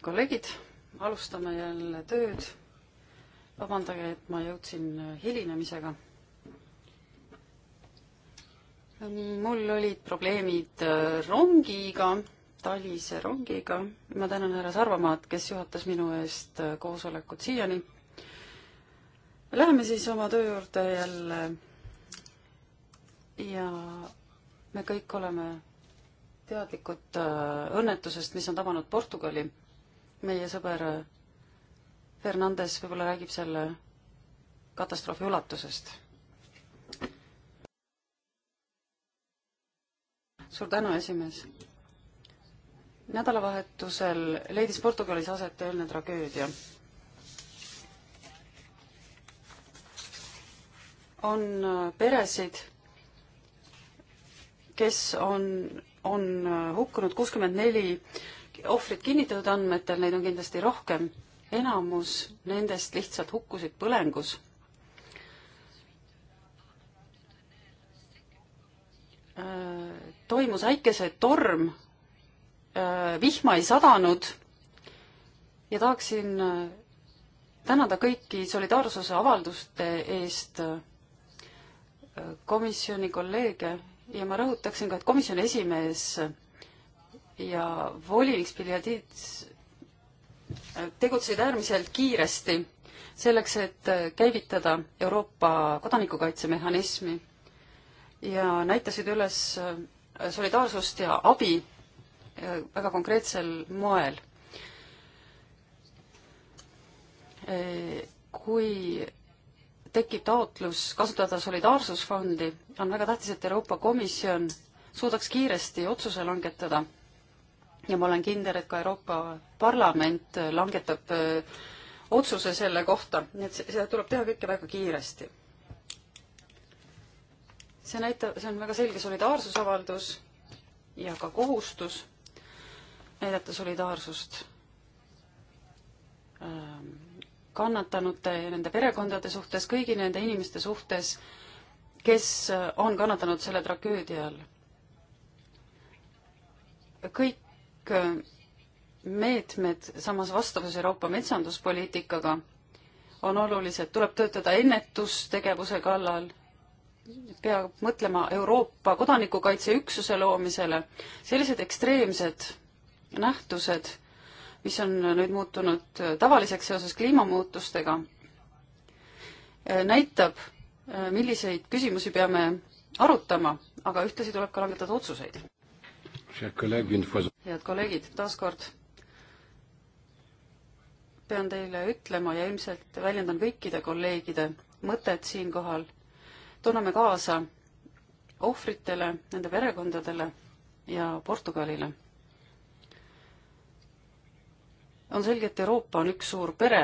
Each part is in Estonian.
kolleegid, alustame jälle tööd. vabandage, et ma jõudsin äh, hilinemisega. mul olid probleemid äh, rongiga, Talise rongiga. ma tänan härra Sarvamaad, kes juhatas minu eest äh, koosolekut siiani. Läheme siis oma töö juurde jälle. ja me kõik oleme teadlikud äh, õnnetusest, mis on tabanud Portugali. meie sõber äh, Fernandes võib-olla räägib selle katastroofi ulatusest. suur tänu, esimees. nädalavahetusel leidis Portugalis aset tõeline tragöödia. on äh, peresid, kes on on äh, hukkunud kuuskümmend neli ohvrit kinnitatud andmetel, neid on kindlasti rohkem. enamus nendest lihtsalt hukkusid põlengus. Äh, toimus äikesetorm, äh, vihma ei sadanud ja tahaksin tänada kõiki solidaarsuse avalduste eest komisjoni kolleege ja ma rõhutaksin ka, et komisjoni esimees ja volinik Spiljadits tegutsesid äärmiselt kiiresti selleks, et käivitada Euroopa kodanikukaitsemehhanismi ja näitasid üles solidaarsust ja abi väga konkreetsel moel. kui tekib taotlus kasutada solidaarsusfondi, on väga tähtis, et Euroopa Komisjon suudaks kiiresti otsuse langetada. ja ma olen kindel, et ka Euroopa Parlament langetab öö, äh, otsuse selle kohta, nii et seda tuleb teha kõike väga kiiresti. see näitab, see on väga selge solidaarsusavaldus ja ka kohustus näidata solidaarsust ähm kannatanute ja nende perekondade suhtes, kõigi nende inimeste suhtes, kes on kannatanud selle tragöödia all. kõik äh, meetmed samas vastavuses Euroopa metsanduspoliitikaga on olulised, tuleb töötada ennetustegevuse kallal, peab mõtlema Euroopa kodanikukaitseüksuse loomisele, sellised ekstreemsed nähtused mis on nüüd muutunud tavaliseks seoses kliimamuutustega, äh, näitab, äh, milliseid küsimusi peame arutama, aga ühtlasi tuleb ka langetada otsuseid. head kolleegid, taaskord pean teile ütlema ja ilmselt väljendan kõikide kolleegide mõtet siinkohal, tunneme kaasa ohvritele, nende perekondadele ja Portugalile on selge, et Euroopa on üks suur pere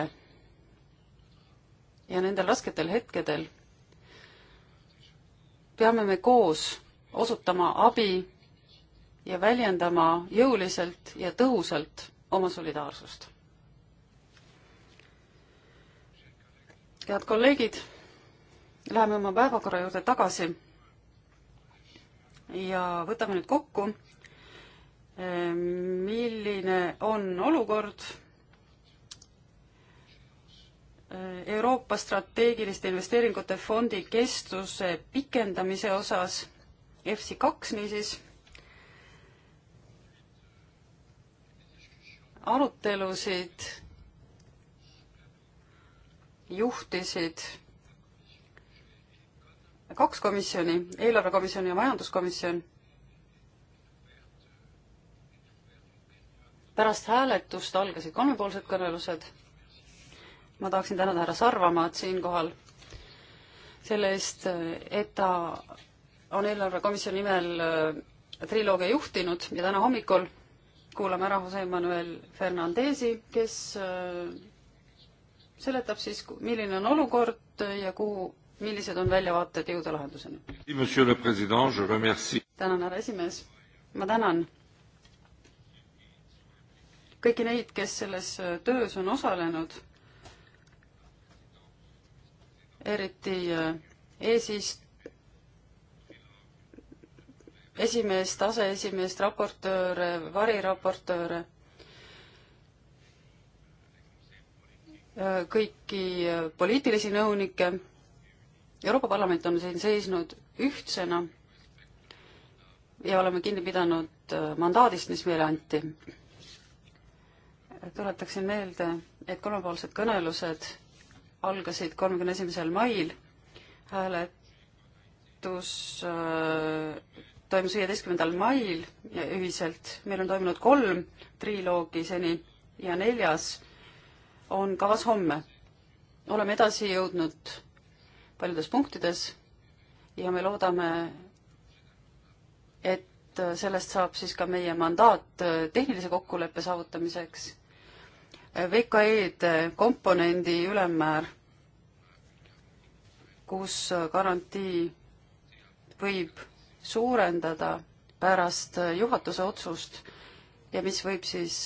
ja nendel rasketel hetkedel peame me koos osutama abi ja väljendama jõuliselt ja tõhusalt oma solidaarsust. head kolleegid, läheme oma päevakorra juurde tagasi ja võtame nüüd kokku, eh, milline on olukord Euroopa strateegiliste investeeringute fondi kestuse pikendamise osas, EFSI kaks niisiis, arutelusid juhtisid kaks komisjoni, eelarvekomisjon ja majanduskomisjon. pärast hääletust algasid kolmepoolsed kõnelused ma tahaksin tänada härra Sarvamaad siinkohal selle eest, et ta on eelarvekomisjoni nimel äh, triloogia juhtinud ja täna hommikul kuulame ära Jose Manuel Fernandesi, kes äh, seletab siis, milline on olukord ja kuhu, millised on väljavaated jõuda lahenduseni. tänan, härra esimees. ma tänan kõiki neid, kes selles äh, töös on osalenud eriti äh, eesist-, esimeest, aseesimeest, raportööre, variraportööre, äh, kõiki äh, poliitilisi nõunikke. Euroopa Parlament on siin seisnud ühtsena ja oleme kinni pidanud mandaadist, mis meile anti. tuletaksin meelde, et kolmepoolsed kõnelused algasid kolmekümne esimesel mail. hääletus äh, toimus viieteistkümnendal mail ühiselt, meil on toimunud kolm triloogi seni ja neljas on kavas homme. oleme edasi jõudnud paljudes punktides ja me loodame, et sellest saab siis ka meie mandaat tehnilise kokkuleppe saavutamiseks VKE-de komponendi ülemmäär, kus garantii võib suurendada pärast juhatuse otsust ja mis võib siis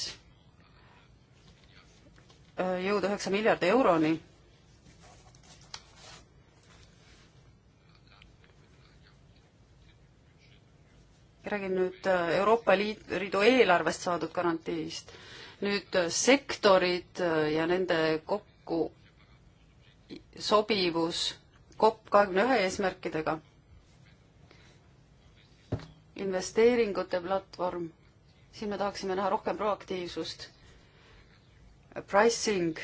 äh, jõuda üheksa miljardi euroni. räägin nüüd äh, Euroopa Liidu eelarvest saadud garantiist nüüd äh, sektorid äh, ja nende kokku sobivus COP kahekümne ühe eesmärkidega. investeeringute platvorm, siin me tahaksime näha rohkem proaktiivsust. Pricing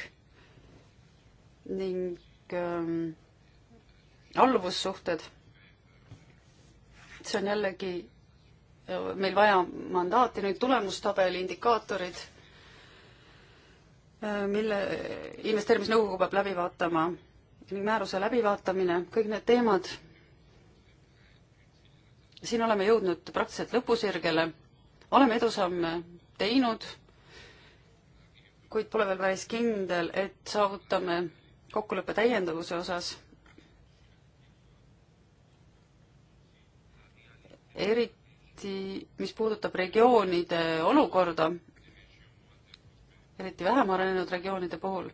ning ähm, alluvussuhted. see on jällegi äh, meil vaja mandaati, nüüd tulemustabeli indikaatorid Äh, mille investeerimisnõukogu peab läbi vaatama ning määruse läbivaatamine, kõik need teemad. siin oleme jõudnud praktiliselt lõpusirgele, oleme edusamme teinud, kuid pole veel päris kindel, et saavutame kokkuleppe täiendavuse osas. eriti, mis puudutab regioonide olukorda eriti vähem arenenud regioonide puhul.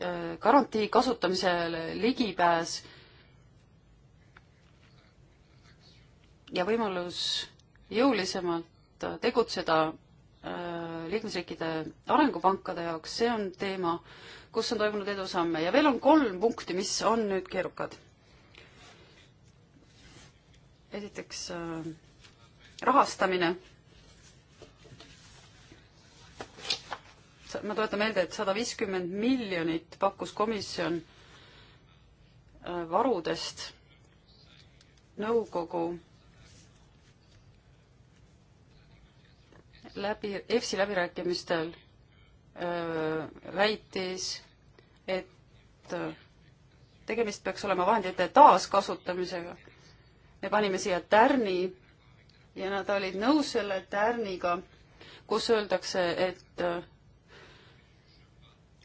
Äh, garantii kasutamisele ligipääs ja võimalus jõulisemalt tegutseda äh, liikmesriikide arengupankade jaoks, see on teema, kus on toimunud edusamme ja veel on kolm punkti, mis on nüüd keerukad. esiteks äh, rahastamine ma tuletan meelde, et sada viiskümmend miljonit pakkus komisjon äh, varudest nõukogu läbi, EFSi läbirääkimistel öö, äh, väitis, et äh, tegemist peaks olema vahendite taaskasutamisega. me panime siia tärni ja nad olid nõus selle tärniga, kus öeldakse, et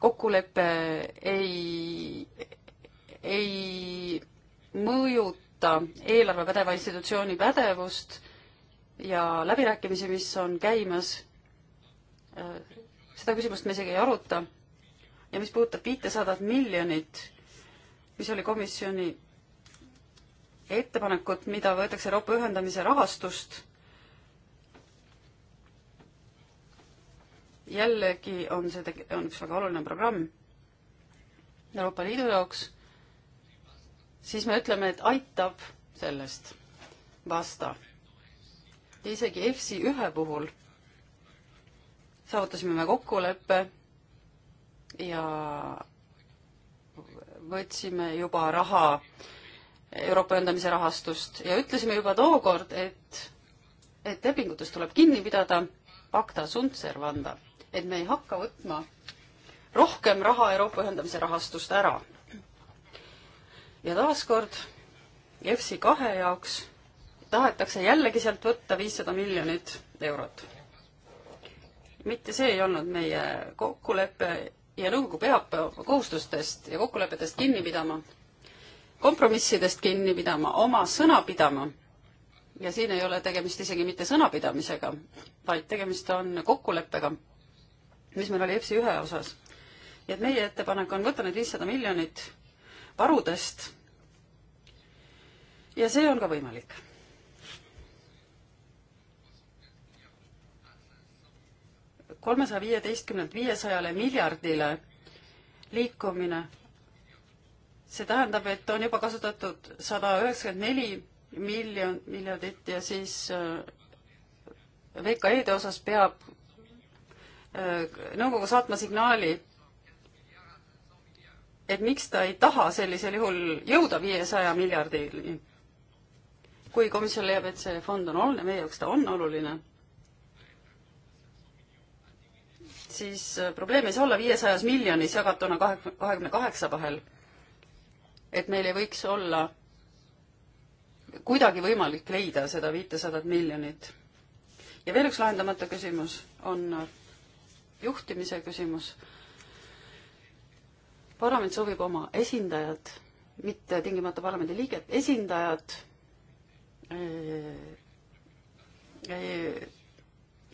kokkulepe ei, ei mõjuta eelarve pädeva institutsiooni pädevust ja läbirääkimisi, mis on käimas, äh, seda küsimust me isegi ei aruta. ja mis puudutab viitesadat miljonit, mis oli komisjoni ettepanekut, mida võetakse Euroopa ühendamise rahastust jällegi on see, on üks väga oluline programm Euroopa Liidu jaoks, siis me ütleme, et aitab sellest, basta. ja isegi EFSI ühe puhul saavutasime me kokkuleppe ja võtsime juba raha, Euroopa ühendamise rahastust ja ütlesime juba tookord, et, et lepingutest tuleb kinni pidada, pacta sunt servanda et me ei hakka võtma rohkem raha Euroopa ühendamise rahastust ära. ja taaskord EFSI kahe jaoks tahetakse jällegi sealt võtta viissada miljonit eurot. mitte see ei olnud meie kokkulepe ja nõukogu peab kohustustest ja kokkulepetest kinni pidama, kompromissidest kinni pidama, oma sõna pidama. ja siin ei ole tegemist isegi mitte sõnapidamisega, vaid tegemist on kokkuleppega mis meil oli EPSi ühe osas. ja et meie ettepanek on võtta need viissada miljonit varudest ja see on ka võimalik. kolmesaja viieteistkümnelt viiesajale miljardile liikumine, see tähendab, et on juba kasutatud sada üheksakümmend neli miljon, miljardit ja siis äh, VKE-de osas peab Äh, nõukogu saatma signaali, et miks ta ei taha sellisel juhul jõuda viiesaja miljardini. kui komisjon leiab, et see fond on oluline, meie jaoks ta on oluline, siis äh, probleem ei saa olla viiesajas miljonis jagatuna kahe, kahekümne kaheksa vahel. et meil ei võiks olla kuidagi võimalik leida seda viitesadat miljonit. ja veel üks lahendamata küsimus on juhtimise küsimus. parlament soovib oma esindajad, mitte tingimata parlamendi liiget, esindajad eh, eh,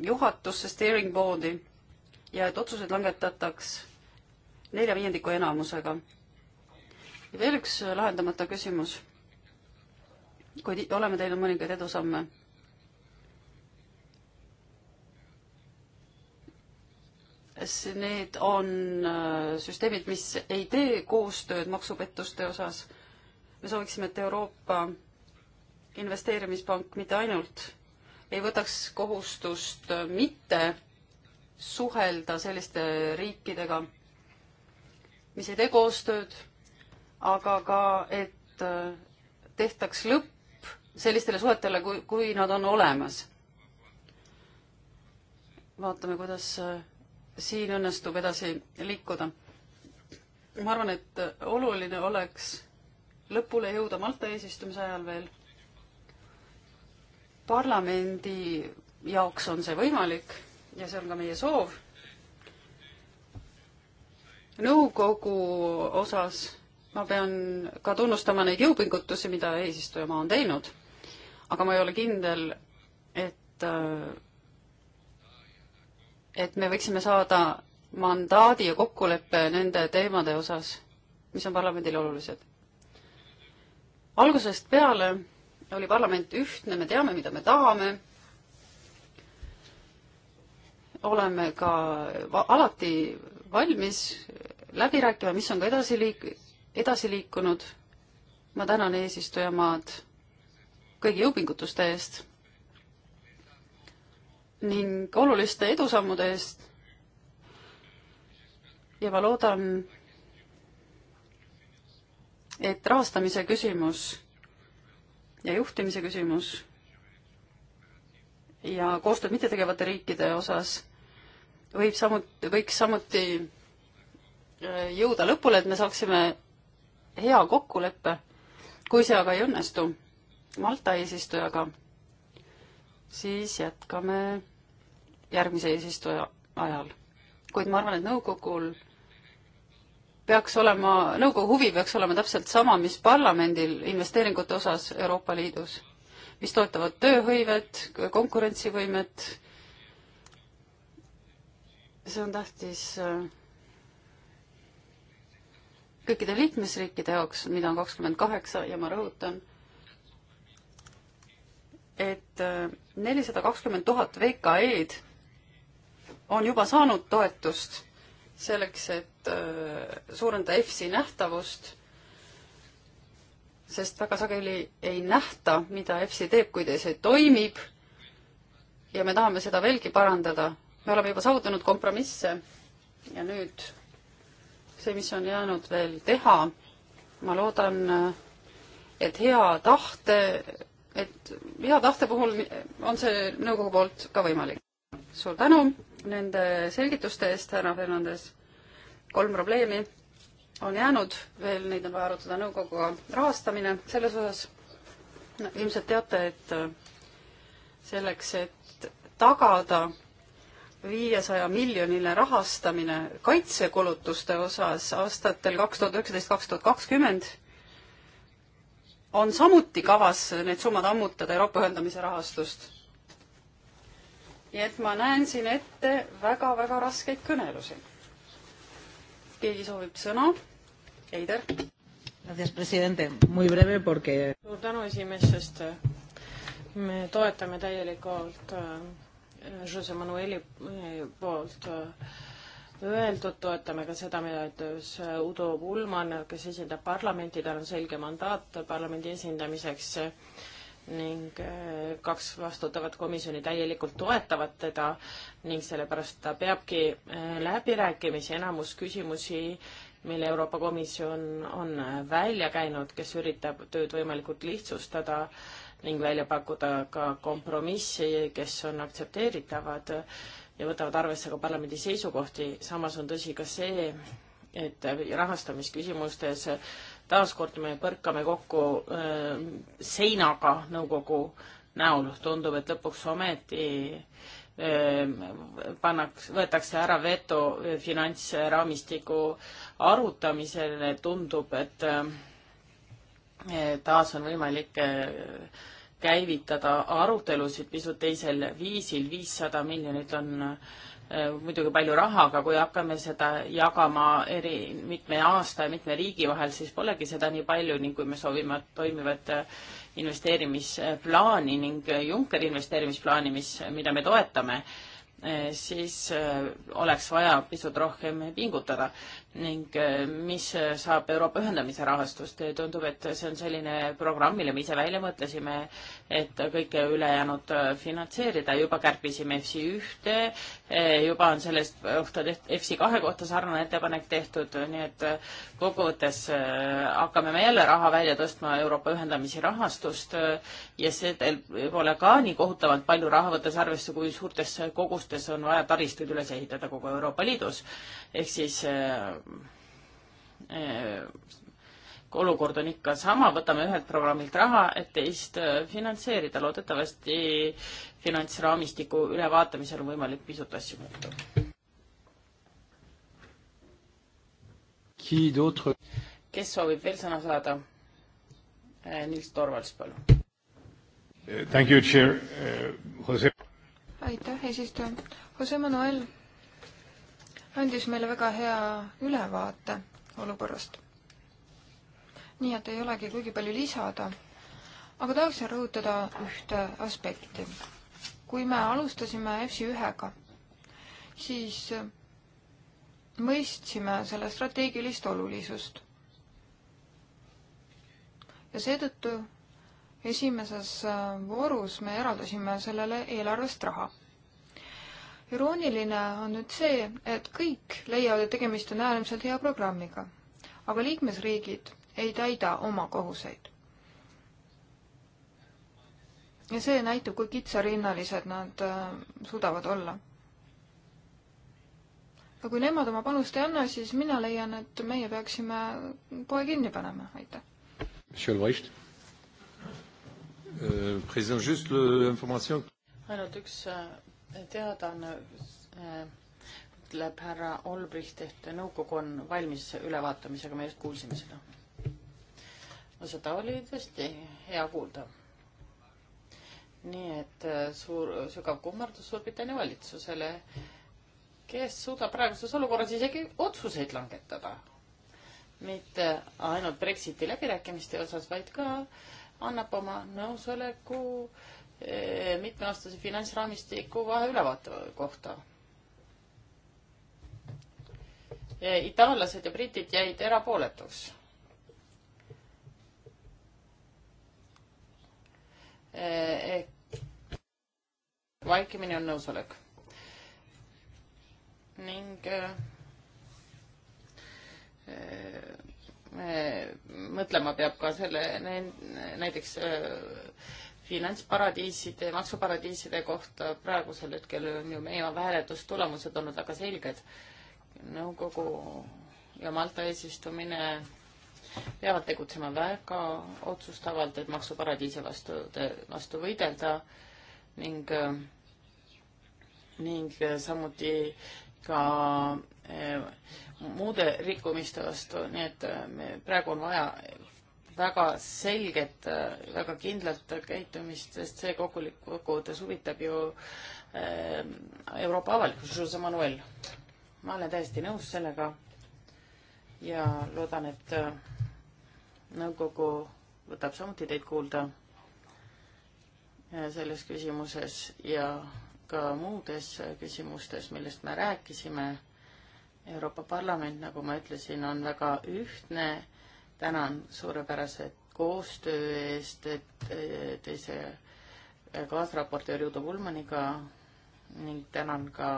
juhatusse, steering board'i ja et otsused langetataks nelja viiendiku enamusega. ja veel üks lahendamata küsimus. kuid oleme teinud mõningaid edusamme need on äh, süsteemid, mis ei tee koostööd maksupettuste osas. me sooviksime, et Euroopa Investeerimispank mitte ainult ei võtaks kohustust äh, mitte suhelda selliste riikidega, mis ei tee koostööd, aga ka, et äh, tehtaks lõpp sellistele suhetele, kui, kui nad on olemas. vaatame, kuidas siin õnnestub edasi liikuda. ma arvan, et oluline oleks lõpule jõuda Malta eesistumise ajal veel. parlamendi jaoks on see võimalik ja see on ka meie soov. nõukogu osas ma pean ka tunnustama neid jõupingutusi, mida eesistujamaa on teinud, aga ma ei ole kindel, et äh, et me võiksime saada mandaadi ja kokkuleppe nende teemade osas, mis on parlamendile olulised. algusest peale oli parlament ühtne, me teame, mida me tahame, oleme ka va alati valmis läbi rääkima, mis on ka edasi liik-, edasi liikunud. ma tänan eesistujamaad kõigi jõupingutuste eest ning oluliste edusammude eest. ja ma loodan, et rahastamise küsimus ja juhtimise küsimus ja koostööd mittetegevate riikide osas võib samuti, võiks samuti äh, jõuda lõpule, et me saaksime hea kokkuleppe. kui see aga ei õnnestu Malta eesistujaga, siis jätkame järgmise eesistuja ajal. kuid ma arvan, et nõukogul peaks olema, nõukogu huvi peaks olema täpselt sama, mis parlamendil investeeringute osas Euroopa Liidus, mis toetavad tööhõivet, konkurentsivõimet, see on tähtis äh, kõikide liikmesriikide jaoks, mida on kakskümmend kaheksa ja ma rõhutan, et äh, nelisada kakskümmend tuhat VKE-d on juba saanud toetust selleks, et äh, suurendada EFSi nähtavust, sest väga sageli ei nähta, mida EFSi teeb, kuidas see toimib. ja me tahame seda veelgi parandada. me oleme juba saavutanud kompromisse ja nüüd see, mis on jäänud veel teha, ma loodan, et hea tahte, et hea tahte puhul on see nõukogu poolt ka võimalik. suur tänu! nende selgituste eest, härra Fernandes. kolm probleemi on jäänud veel, neid on vaja arutada nõukoguga. rahastamine selles osas no,, ilmselt teate, et äh, selleks, et tagada viiesaja miljoniline rahastamine kaitsekulutuste osas aastatel kaks tuhat üheksateist, kaks tuhat kakskümmend, on samuti kavas need summad ammutada Euroopa ühendamise rahastust nii et ma näen siin ette väga-väga raskeid kõnelusi. keegi soovib sõna? Heider. suur tänu esimees, sest äh, me toetame täielikult äh, Jose Manueli äh, poolt öeldud, toetame ka seda, mida ütles Udo Pulman, kes esindab parlamenti, tal on selge mandaat parlamendi esindamiseks ning äh, kaks vastutavat komisjoni täielikult toetavad teda ning sellepärast ta peabki äh, läbirääkimisi, enamus küsimusi, mille Euroopa Komisjon on äh, välja käinud, kes üritab tööd võimalikult lihtsustada ning välja pakkuda ka kompromissi, kes on aktsepteeritavad ja võtavad arvesse ka parlamendi seisukohti. samas on tõsi ka see, et rahastamisküsimustes taaskord me põrkame kokku äh, seinaga nõukogu näol, tundub, et lõpuks ometi äh, pannakse, võetakse ära veto finantsraamistiku arutamisele, tundub, et äh, taas on võimalik käivitada arutelusid pisut teisel viisil, viissada miljonit on äh, Äh, muidugi palju raha, aga kui hakkame seda jagama eri, mitme aasta ja mitme riigi vahel, siis polegi seda nii palju ning kui me soovime toimivat äh, investeerimisplaani ning äh, Junckeri investeerimisplaani, mis, mida me toetame, siis oleks vaja pisut rohkem pingutada ning äh, mis äh, saab Euroopa ühendamise rahastust. Äh, tundub, et see on selline programm, mille me ise välja mõtlesime, et kõike ülejäänud finantseerida. juba kärpisime EFSI ühte, juba on sellest kohta tehtud, EFSI kahe kohta sarnane ettepanek tehtud, nii et kokkuvõttes hakkame me jälle raha välja tõstma Euroopa ühendamise rahastust ja see pole ka nii kohutavalt palju raha, võttes arvesse, kui suurtes kogustes on vaja taristuid üles ehitada kogu Euroopa Liidus. ehk siis Äh, olukord on ikka sama, võtame ühelt programmilt raha, et teist äh, finantseerida. loodetavasti finantsraamistiku ülevaatamisel on võimalik pisut asju muuta. kes soovib veel sõna saada? Äh, Nils Torvalds, palun. aitäh, eesistuja. Jose Manuel andis meile väga hea ülevaate olukorrast. nii et ei olegi kuigi palju lisada, aga tahaksin rõhutada ühte aspekti. kui me alustasime EFSI ühega, siis mõistsime selle strateegilist olulisust. ja seetõttu esimeses voorus me eraldasime sellele eelarvest raha irooniline on nüüd see, et kõik leiavad, et tegemist on äärmiselt hea programmiga, aga liikmesriigid ei täida oma kohuseid. ja see näitab, kui kitsarinnalised nad äh, suudavad olla. ja kui nemad oma panust ei anna, siis mina leian, et meie peaksime poe kinni panema, aitäh. Euh, president, just informatsioon ainult üks äh, teadaanne äh, ütleb härra Olbricht, et nõukogu on valmis ülevaatamisega, me just kuulsime seda. no seda oli tõesti hea kuulda. nii et äh, suur, sügav kummardus Suurbritannia valitsusele, kes suudab praeguses olukorras isegi otsuseid langetada. mitte ainult Brexiti läbirääkimiste osas, vaid ka annab oma nõusoleku äh, Eh, mitmeaastase finantsraamistiku vaheülevaate kohta. Eh, itaallased ja britid jäid erapooletuks. Eh, vaikimine on nõusolek. ning mõtlema peab ka selle, näiteks finantsparadiiside, maksuparadiiside kohta praegusel hetkel on ju meie hääletustulemused olnud väga selged. nõukogu ja Malta eesistumine peavad tegutsema väga otsustavalt, et maksuparadiise vastu, vastu võidelda ning, ning samuti ka eh, muude rikkumiste vastu, nii et eh, me, praegu on vaja väga selget, väga kindlat käitumist, sest see kokkuvõttes huvitab ju ehm, Euroopa avalikkust, Jose Manuel. ma olen täiesti nõus sellega ja loodan, et äh, nõukogu võtab samuti teid kuulda äh, selles küsimuses ja ka muudes küsimustes, millest me rääkisime. Euroopa Parlament, nagu ma ütlesin, on väga ühtne tänan suurepärase koostöö eest, et eh, teise kaasraportööri Udo Pulmaniga ning tänan ka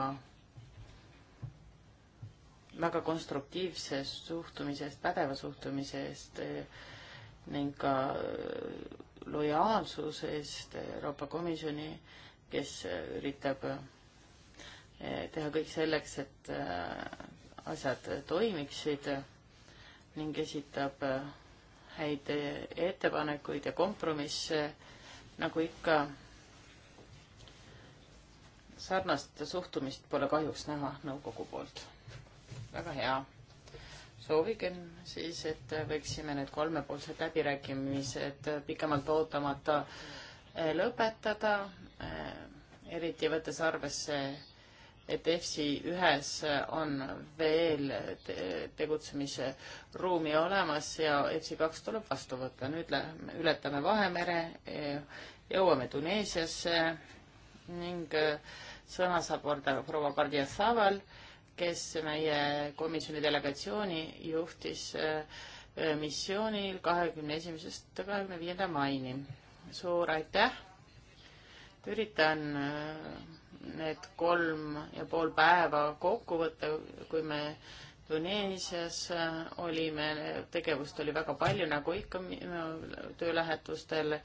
väga konstruktiivse suhtumise eest, pädeva suhtumise eest eh, ning ka eh, lojaalsuse eest Euroopa Komisjoni, kes üritab teha kõik selleks, et asjad toimiksid ning esitab äh, häid äh, ettepanekuid ja kompromisse, nagu ikka. sarnast suhtumist pole kahjuks näha nõukogu poolt. väga hea. soovigem siis, et võiksime need kolmepoolsed läbirääkimised pikemalt ootamata äh, lõpetada, eriti võttes arvesse et EFSI ühes on veel tegutsemise ruumi olemas ja EFSI kaks tuleb vastu võtta. nüüd läheme, ületame Vahemere, jõuame Tuneesiasse ning äh, sõna saab korda proua Kardia Saval, kes meie komisjoni delegatsiooni juhtis äh, missioonil kahekümne esimesest kahekümne viienda maini. suur aitäh! üritan äh, need kolm ja pool päeva kokku võtta, kui me Tuneesias äh, olime, tegevust oli väga palju, nagu ikka töölähetustel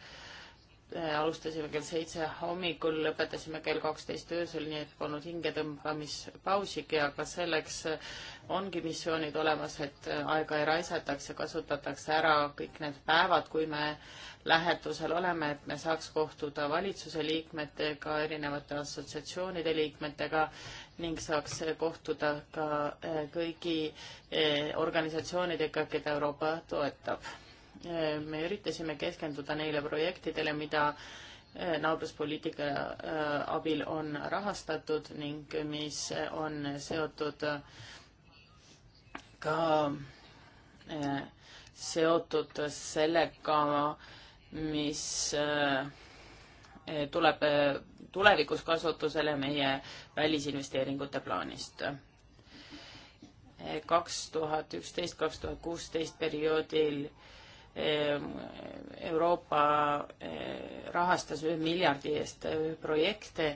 Äh, alustasime kell seitse hommikul, lõpetasime kell kaksteist öösel, nii et polnud hingetõmbamispausigi, aga selleks äh, ongi missioonid olemas, et äh, aega ei raisataks ja kasutatakse ära kõik need päevad, kui me lähetusel oleme, et me saaks kohtuda valitsuse liikmetega, erinevate assotsiatsioonide liikmetega ning saaks kohtuda ka kõigi organisatsioonidega, keda Euroopa toetab me üritasime keskenduda neile projektidele, mida eh, naabruspoliitika eh, abil on rahastatud ning mis on seotud ka eh, seotud sellega, mis tuleb tulevikus kasutusele meie välisinvesteeringute plaanist. kaks tuhat üksteist, kaks tuhat kuusteist perioodil äh, Euroopa eh, rahastas ühe miljardi eest eh, projekte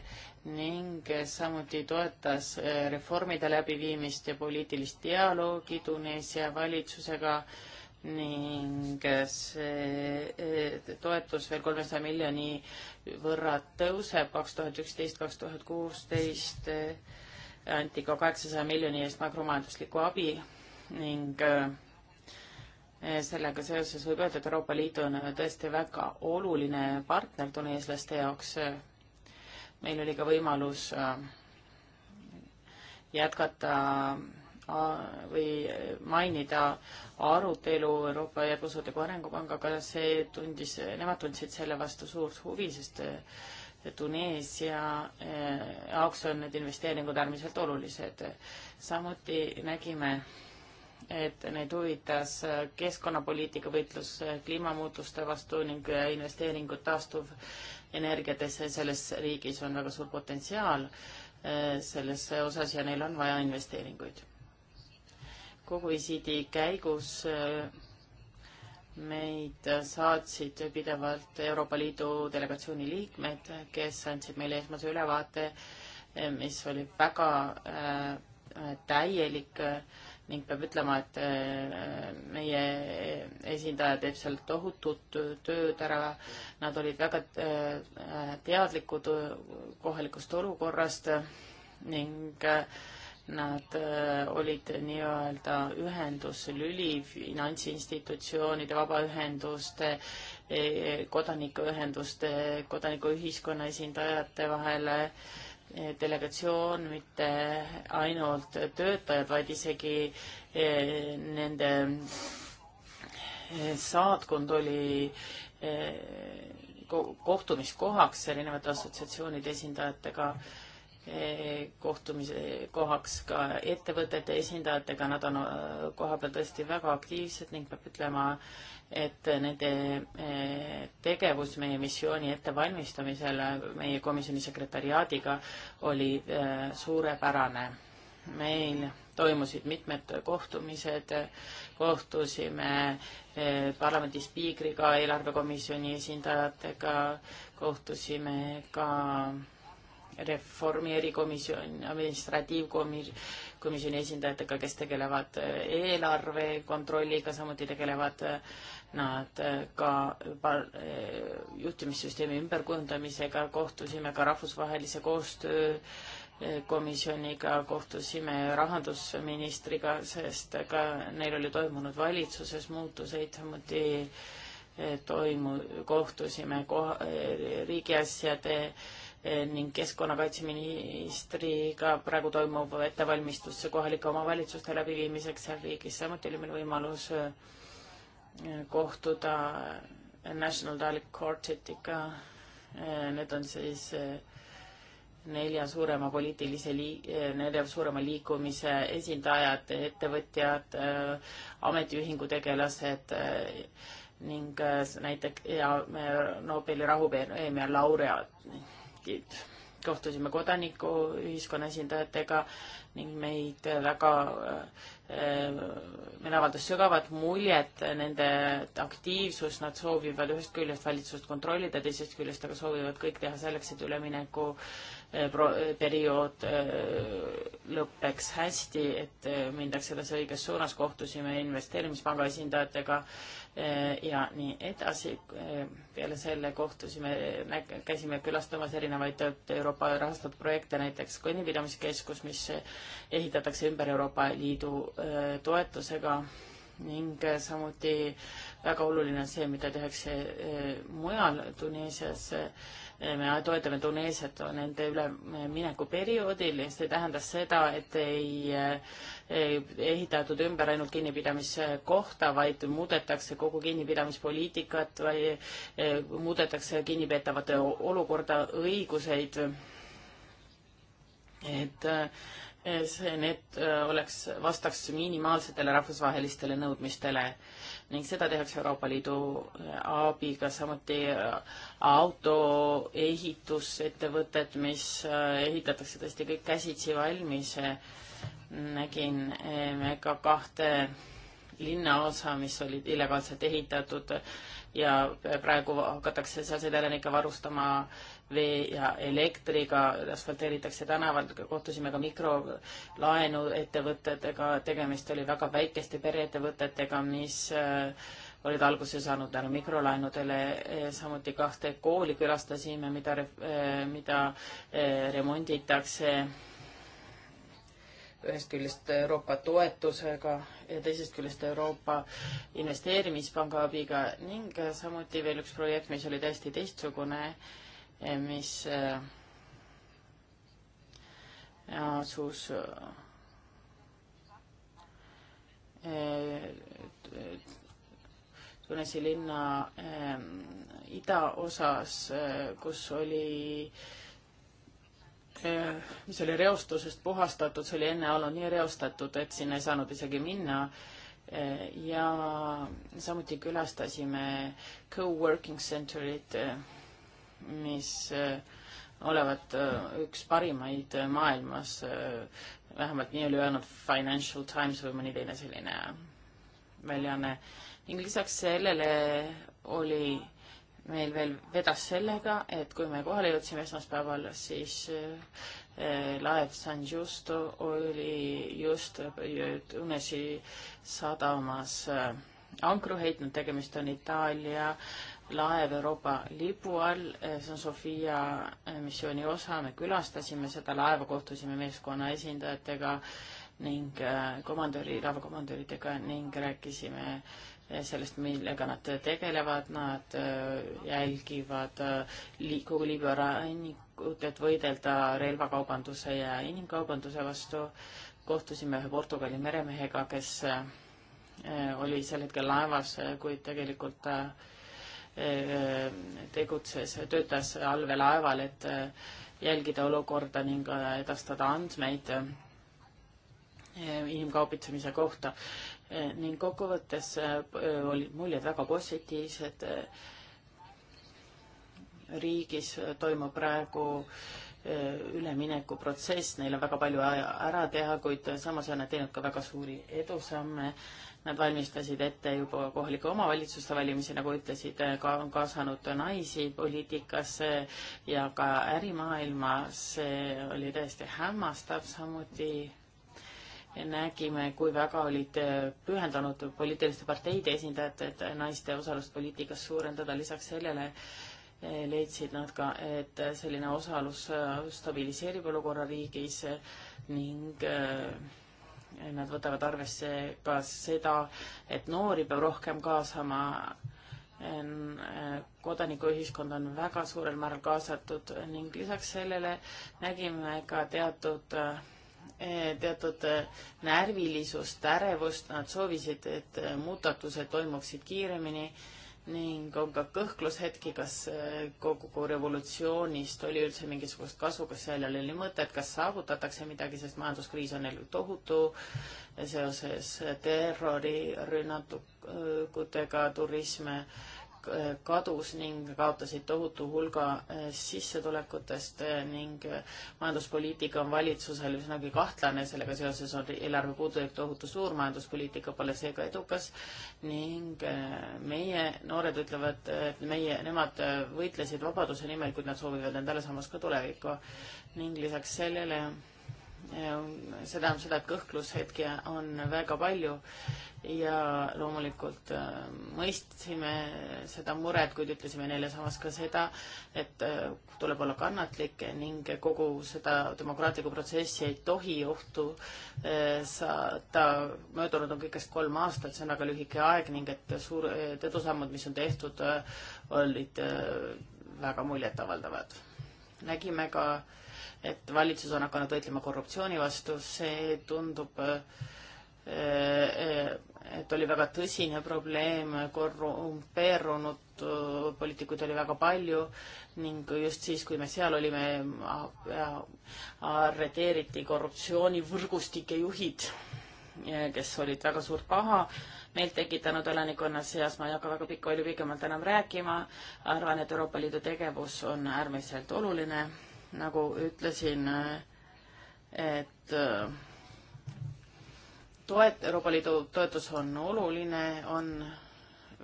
ning eh, samuti toetas reformide läbiviimist ja poliitilist dialoogi Tuneesia valitsusega ning see toetus veel kolmesaja miljoni võrra tõuseb kaks tuhat üksteist, kaks tuhat kuusteist anti ka kaheksasaja miljoni eest makromajanduslikku abi ning Eh, sellega seoses võib öelda, et Euroopa Liit on eh, tõesti väga oluline partner tuneeslaste jaoks. Eh, meil oli ka võimalus jätkata või mainida arutelu Euroopa Jätkusuutliku Arengupangaga, see tundis, nemad tundsid selle vastu suurt huvi, sest Tuneesia jaoks on need investeeringud äärmiselt olulised. samuti nägime et neid huvitas keskkonnapoliitika võitlus kliimamuutuste vastu ning investeeringud taastuvenergiatesse, selles riigis on väga suur potentsiaal eh, selles osas ja neil on vaja investeeringuid. kogu visiidi käigus eh, meid saatsid pidevalt Euroopa Liidu delegatsiooni liikmed, kes andsid meile esmase ülevaate, eh, mis oli väga äh, täielik äh, ning peab ütlema, et äh, meie esindaja teeb seal tohutut tööd ära. Nad olid väga äh, teadlikud äh, kohalikust olukorrast ning nad olid nii-öelda ühenduslüli finantsinstitutsioonide, vabaühenduste, e-, e-, kodanikuühenduste, kodanikuühiskonna esindajate vahele delegatsioon mitte ainult töötajad, vaid isegi eh, nende eh, saatkond oli eh, kohtumiskohaks erinevate assotsiatsioonide esindajatega, kohtumise kohaks ka ettevõtete esindajatega, nad on kohapeal tõesti väga aktiivsed ning peab ütlema, et nende eh, tegevus meie missiooni ettevalmistamisel meie komisjoni sekretariaadiga oli eh, suurepärane. meil toimusid mitmed kohtumised, kohtusime eh, parlamendi spiikriga, eelarvekomisjoni esindajatega, kohtusime ka reformi erikomisjoni, administratiivkomisjoni esindajatega, kes tegelevad eelarve kontrolliga, samuti tegelevad äh, nad eh, ka eh, eh, juhtimissüsteemi ümberkujundamisega kohtusime ka rahvusvahelise koostöö komisjoniga, kohtusime rahandusministriga, sest ka neil oli toimunud valitsuses muutuseid, samuti toimu-, kohtusime koha-, riigiasjade ning keskkonnakaitseministriga praegu toimuv ettevalmistus kohalike omavalitsuste läbiviimiseks seal riigis, samuti oli meil võimalus äh, kohtuda National Dialect Quartetiga. Eh, need on siis eh, nelja suurema poliitilise liik-, eh, nelja suurema liikumise esindajad, ettevõtjad, ametiühingu tegelased ning näiteks ja Nobeli rahupreemia laureaadid. kohtusime kodanikuühiskonna esindajatega ning meid väga äh, Äh, meile avaldas sügavat muljet nende aktiivsus, nad soovivad ühest küljest valitsust kontrollida, teisest küljest aga soovivad kõik teha selleks, et ülemineku Eh, periood eh, lõpeks hästi, et eh, mindaks selles õiges suunas, kohtusime investeerimispanga esindajatega ja nii edasi. peale selle kohtusime, käisime külastamas erinevaid Euroopa rahastatud projekte, näiteks kõnnipidamiskeskus, mis ehitatakse ümber Euroopa Liidu toetusega ning samuti väga oluline on see, mida tehakse mujal Tuneesias me toetame Tuneesiat nende üleminekuperioodil ja see tähendas seda, et ei, ei eh, ehitatud ümber ainult kinnipidamiskohta, vaid muudetakse kogu kinnipidamispoliitikat või eh, muudetakse kinnipeetavate olukorda, õiguseid. et eh, see, need oleks, vastaks minimaalsetele rahvusvahelistele nõudmistele ning seda tehakse Euroopa Liidu äh, abiga, samuti äh, autoehitusettevõtted, mis äh, ehitatakse tõesti kõik käsitsi valmis. nägin ka kahte linnaosa, mis olid illegaalselt ehitatud ja praegu hakatakse sealseid elanikke varustama äh, vee ja elektriga, asfalteeritakse tänavad, kohtusime ka mikrolaenuettevõtetega, tegemist oli väga väikeste pereettevõtetega, mis äh, olid alguse saanud tänu mikrolaenudele, äh, samuti kahte kooli külastasime, mida, äh, mida remonditakse ühest küljest Euroopa toetusega ja teisest küljest Euroopa Investeerimispanga abiga ning samuti veel üks projekt, mis oli täiesti teistsugune Eh, mis eh, asus eh, Tunesi linna idaosas, kus oli mis oli reostusest puhastatud, see oli enne olnud nii reostatud, et sinna ei saanud isegi minna. ja samuti külastasime co-working center'it mis äh, olevat äh, üks parimaid äh, maailmas, vähemalt nii oli öelnud Financial Times või mõni teine selline väljaanne. ning lisaks sellele oli meil veel vedas sellega, et kui me kohale jõudsime esmaspäeval, siis laev San Justo oli just Tunesi sadamas ankru heitnud, tegemist on Itaalia äh, laev Euroopa lipu all, eh, see on Sofia eh, missiooni osa, me külastasime seda laeva, kohtusime meeskonna esindajatega ning eh, komandöri, laevakomandöridega ning rääkisime sellest, millega nad tegelevad, nad jälgivad li-, kogu Liibüa rannikut, et võidelda relvakaubanduse ja inimkaubanduse vastu. kohtusime ühe Portugali meremehega, kes oli sel hetkel laevas, kuid tegelikult äh, Äh, tegutses, töötas allveelaeval, et äh, jälgida olukorda ning äh, edastada andmeid inimkaubitsemise kohta. ning kokkuvõttes olid muljed väga positiivsed. riigis toimub praegu üleminekuprotsess, neil on väga palju ära teha, kuid samas on nad teinud ka väga suuri edusamme. Nad valmistasid ette juba kohalike omavalitsuste valimisi, nagu ütlesid, ka on kaasanud naisi poliitikasse ja ka ärimaailma, see oli täiesti hämmastav, samuti nägime, kui väga olid pühendunud poliitiliste parteide esindajad, et naiste osalust poliitikas suurendada, lisaks sellele äh, leidsid nad ka, et selline osalus äh, stabiliseerib olukorra riigis ning äh, nad võtavad arvesse ka seda, et noori peab rohkem kaasama. Äh, kodanikuühiskond on väga suurel määral kaasatud ning lisaks sellele nägime ka teatud eh, teatud närvilisust, ärevust, nad soovisid, et muudatused toimuksid kiiremini ning on ka kõhklushetki, kas äh, kogu revolutsioonist oli üldse mingisugust kasu, kas sellel oli mõtet, kas saavutatakse midagi, sest majanduskriis on neil tohutu äh, seoses terrorirünnakutega, äh, turism kadus ning kaotasid tohutu hulga eh, sissetulekutest eh, ning eh, majanduspoliitika on valitsusel üsnagi kahtlane, sellega seoses on eelarve puudujääk tohutu suur, majanduspoliitika pole seega edukas ning meie noored ütlevad, et meie, nemad võitlesid vabaduse nimel, kuid nad soovivad endale samas ka tulevikku ning lisaks sellele see tähendab seda, et kõhklushetki on väga palju ja loomulikult äh, mõistsime seda muret, kuid ütlesime neile samas ka seda, et äh, tuleb olla kannatlik ning kogu seda demokraatlikku protsessi ei tohi ohtu äh, saada. möödunud on kõigest kolm aastat, see on väga lühike aeg ning et suur, et edusammud, mis on tehtud, olid väga muljetavaldavad. nägime ka, et valitsus on hakanud võitlema korruptsiooni vastu, see tundub äh, et oli väga tõsine probleem, korrumpeerunud poliitikuid oli väga palju ning just siis, kui me seal olime, arreteeriti korruptsioonivõrgustike juhid, kes olid väga suurt paha meelt tekitanud elanikkonna seas, ma ei hakka väga pikka, palju pikemalt enam rääkima, arvan, et Euroopa Liidu tegevus on äärmiselt oluline, nagu ütlesin, et äh, toet-, Euroopa Liidu toetus on oluline, on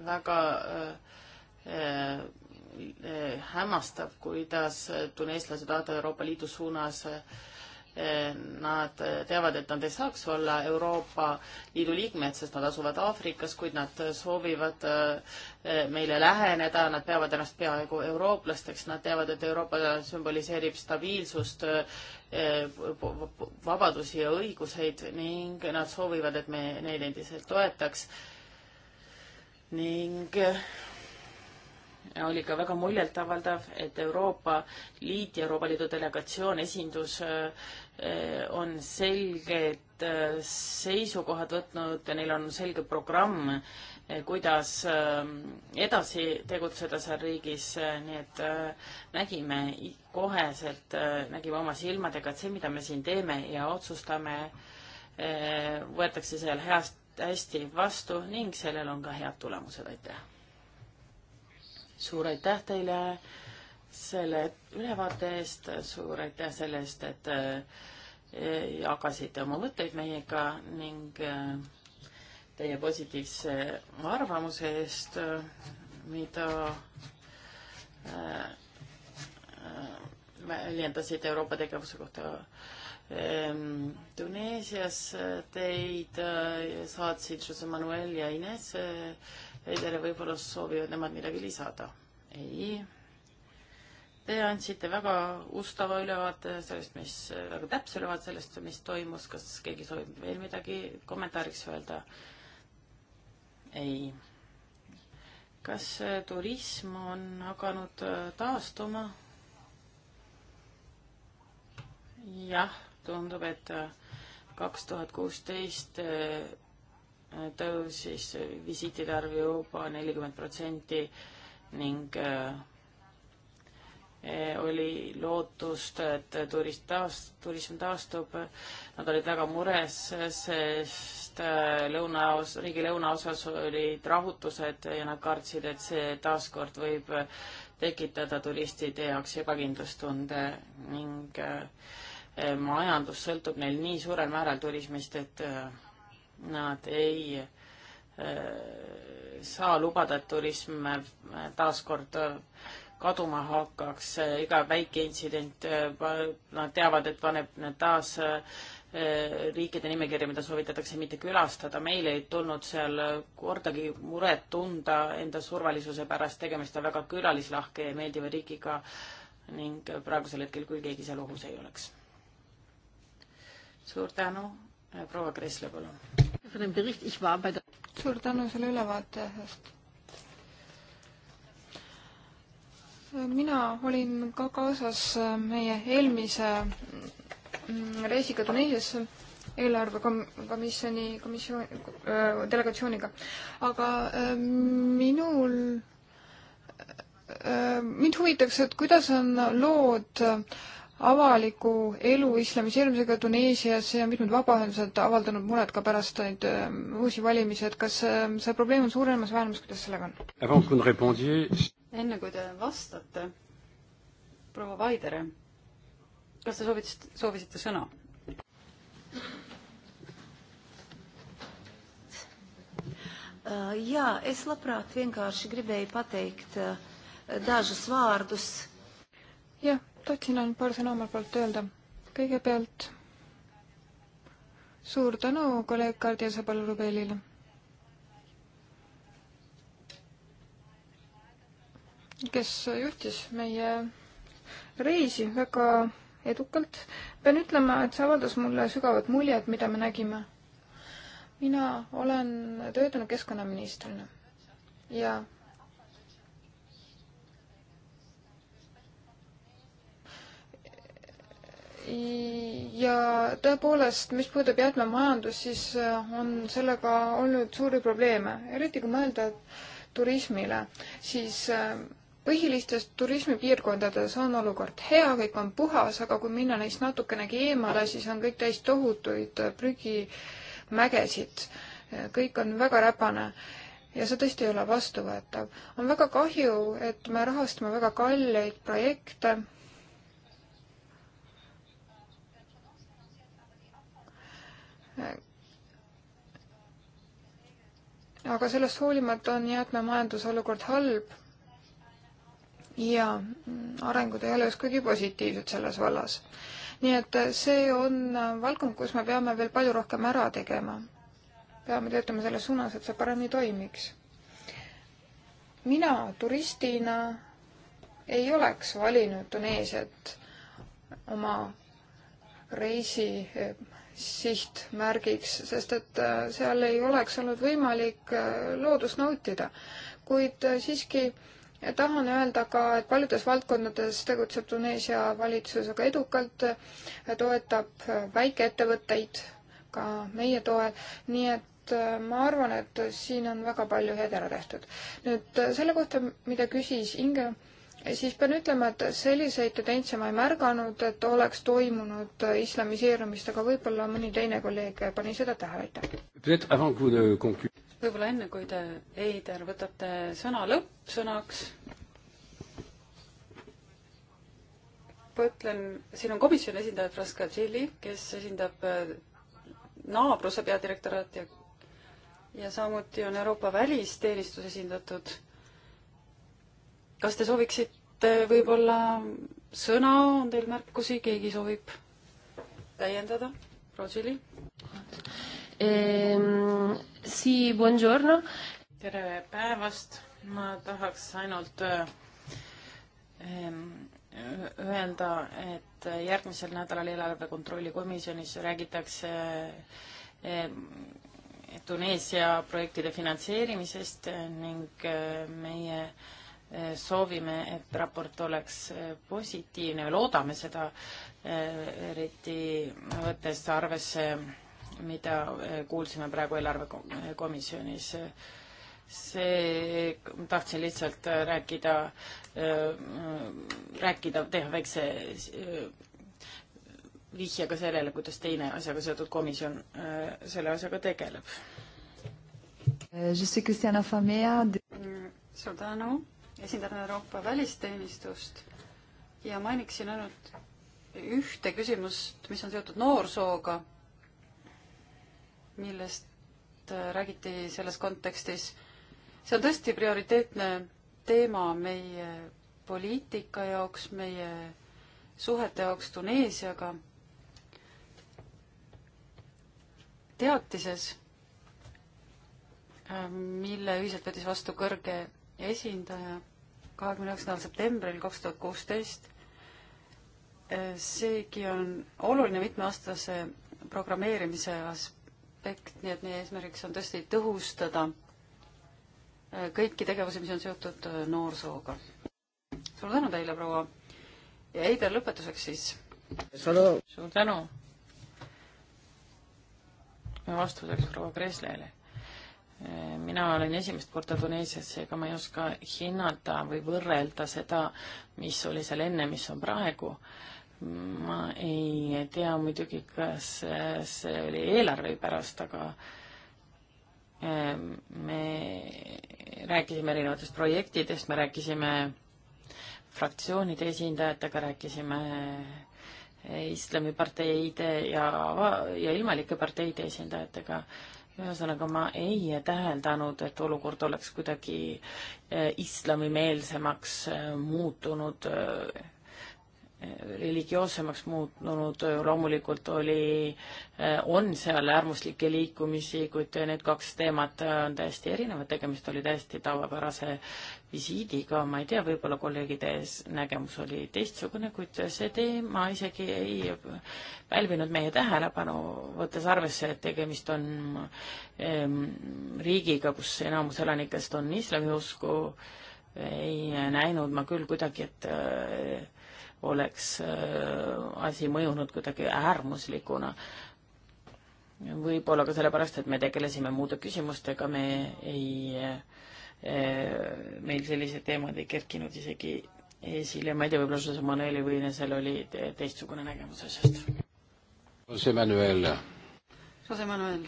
väga äh, äh, äh hämmastav, kuidas äh, tuneeslased vaatavad Euroopa Liidu suunas äh, Nad teavad, et nad ei saaks olla Euroopa Liidu liikmed, sest nad asuvad Aafrikas, kuid nad soovivad eh, meile läheneda, nad peavad ennast peaaegu eurooplasteks, nad teavad, et Euroopa sümboliseerib stabiilsust, eh, vabadusi ja õiguseid ning nad soovivad, et me neid endiselt toetaks. ning Ja eh, oli ka väga muljetavaldav, et Euroopa Liit ja Euroopa Liidu delegatsioon esindus Eh, on selged eh, seisukohad võtnud ja neil on selge programm, eh, kuidas edasi tegutseda seal riigis, nii et nägime koheselt, nägime oma silmadega, et see, mida me siin teeme ja otsustame, võetakse seal heast, hästi vastu ning sellel on ka head tulemused, aitäh! suur aitäh teile! selle ülevaate eest, suur aitäh selle eest, et äh, jagasite oma mõtteid meiega ning äh, teie positiivse arvamuse eest, mida äh, väljendasid Euroopa tegevuse kohta ehm, Tuneesias teid saatsid Jose Manuel ja Ines. Teile võib-olla soovivad nemad midagi lisada? ei Te andsite väga ustava ülevaate sellest, mis, väga täpse ülevaate sellest, mis toimus, kas keegi soovib veel midagi kommentaariks öelda? ei. kas äh, turism on hakanud äh, taastuma? jah, tundub, et äh, kaks tuhat kuusteist tõusis visiitide arv juba nelikümmend protsenti ning Eh, oli lootust, et turist taas, turism taastub. Nad olid väga mures, sest äh, lõunaos, riigi lõunaosas olid rahutused ja nad kartsid, et see taaskord võib äh, tekitada turistide jaoks ebakindlustunde ning äh, majandus sõltub neil nii suurel määral turismist, et nad ei saa lubada, et turism taaskord kaduma hakkaks, iga väike intsident, äh, nad teavad, et paneb need taas äh, riikide nimekirja, mida soovitatakse mitte külastada, meil ei tulnud seal kordagi muret tunda enda turvalisuse pärast, tegemist on väga külalislahke ja meeldiva riigiga ning praegusel hetkel küll keegi seal ohus ei oleks. suur tänu, proua Kressle, palun. suur tänu selle ülevaate eest mina olin ka kaasas äh, meie eelmise mm, reisiga Tuneesiasse eelarve kom-, komisjoni, komisjoni, äh, delegatsiooniga. aga äh, minul, mind huvitaks, et kuidas on lood avaliku elu islamiseerimisega Tuneesias ja mitmed vabaühendused avaldanud muret ka pärast neid uusi valimisi, et kas see probleem on suurenemas, vähenemas, kuidas sellega on? enne kui te vastate, proua Vaidere, kas te soovitasite, soovisite sõna? Jā, es labprāt vienkārši gribēju pateikt eh, dažus vārdus. Jah, tahtsin ainult paar sõna omalt poolt öelda. kõigepealt suur tänu kolleeg Kardia Sabal-Rubelile kes juhtis meie reisi väga edukalt. pean ütlema, et see avaldas mulle sügavat muljet, mida me nägime. mina olen töötanud keskkonnaministrina ja ja tõepoolest, mis puudutab jäätmemajandust, siis äh, on sellega olnud suuri probleeme, eriti kui mõelda turismile, siis äh, põhilistes turismipiirkondades on olukord hea, kõik on puhas, aga kui minna neist natukenegi eemale, siis on kõik täis tohutuid prügimägesid. kõik on väga räpane ja see tõesti ei ole vastuvõetav. on väga kahju, et me rahastame väga kalleid projekte, aga sellest hoolimata on jäätmemajanduse olukord halb ja arengud ei ole just kuigi positiivsed selles vallas. nii et see on valdkond, kus me peame veel palju rohkem ära tegema. peame töötama selles suunas, et see paremini toimiks. mina turistina ei oleks valinud Tuneesiat oma reisi eh, sihtmärgiks, sest et eh, seal ei oleks olnud võimalik eh, loodust nautida. kuid siiski äh, ja tahan öelda ka, et paljudes valdkondades tegutseb Tuneesia valitsus väga edukalt, toetab väikeettevõtteid ka meie toel, nii et äh, ma arvan, et siin on väga palju head ära tehtud. nüüd äh, selle kohta, mida küsis Inge, eh, siis pean ütlema, et selliseid tendentse ma ei märganud, et oleks toimunud äh, islamiseerumist, aga võib-olla mõni teine kolleeg pani seda tähele, aitäh võib-olla enne, kui te, Heider, võtate sõna lõppsõnaks, mõtlen, siin on komisjoni esindaja Fraska Tšilli, kes esindab äh, naabruse peadirektoraat ja ja samuti on Euroopa välisteenistus esindatud. kas te sooviksite võib-olla sõna, on teil märkusi, keegi soovib täiendada? Roosili? ehm,. Si, buongiorno. tere päevast, ma tahaks ainult ehm, öelda, et järgmisel nädalal eelarve kontrolli komisjonis räägitakse ehm, Tuneesia projektide finantseerimisest ning eh, meie eh, soovime, et raport oleks eh, positiivne, loodame seda, eriti võttes arvesse mida eh, kuulsime praegu eelarvekomisjonis. see, tahtsin lihtsalt eh, rääkida, eh, rääkida, teha väikse vihje ka sellele, kuidas teine asjaga seotud komisjon selle asjaga tegeleb. Euh, mm, suur tänu, esindan Euroopa välisteenistust ja mainiksin ainult ühte küsimust, mis on seotud noorsooga millest äh, räägiti selles kontekstis. see on tõesti prioriteetne teema meie poliitika jaoks, meie suhete jaoks Tuneesiaga. teatises, äh, mille ühiselt võttis vastu kõrge esindaja kahekümne üheksandal septembril kaks tuhat kuusteist, äh, seegi on oluline mitmeaastase programmeerimise as-, aspekt, nii et meie eesmärgiks on tõesti tõhustada äh, kõiki tegevusi, mis on seotud äh, noorsooga. suur tänu teile, proua. ja Heider, lõpetuseks siis. suur tänu. vastuseks proua Kreslele. Äh, mina olin esimest korda Tuneesias, seega ma ei oska hinnata või võrrelda seda, mis oli seal enne, mis on praegu ma ei tea muidugi, kas see oli eelarve pärast, aga ehm, me rääkisime erinevatest projektidest, me rääkisime fraktsioonide esindajatega, rääkisime islamiparteide ja, ja ilmalike parteide esindajatega. ühesõnaga, ma ei täheldanud, et olukord oleks kuidagi eh, islamimeelsemaks eh, muutunud eh, religioossemaks muutunud, loomulikult oli, eh, on seal äärmuslikke liikumisi, kuid need kaks teemat on täiesti erinevad, tegemist oli täiesti tavapärase visiidiga, ma ei tea, võib-olla kolleegide nägemus oli teistsugune, kuid see teema isegi ei pälvinud meie tähelepanu, võttes arvesse, et tegemist on ähm, riigiga, kus enamus elanikest on islamiusku, ei näinud ma küll kuidagi, et äh, oleks äh, asi mõjunud kuidagi äärmuslikuna. võib-olla ka sellepärast, et me tegelesime muude küsimustega, me ei, äh, meil sellised teemad ei kerkinud isegi esile, ma ei tea, võib-olla Jose Manueli või Inesel oli teistsugune nägemus asjast. Jose Manuel. Jose Manuel.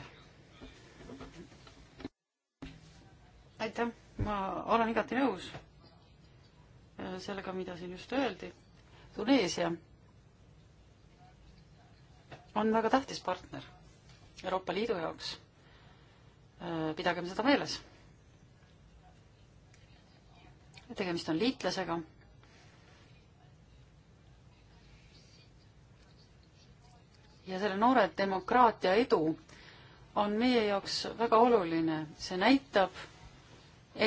aitäh, ma olen igati nõus äh, sellega, mida siin just öeldi. Tuneesia on väga tähtis partner Euroopa Liidu jaoks. Äh, pidagem seda meeles. tegemist on liitlasega. ja selle noore demokraatia edu on meie jaoks väga oluline, see näitab,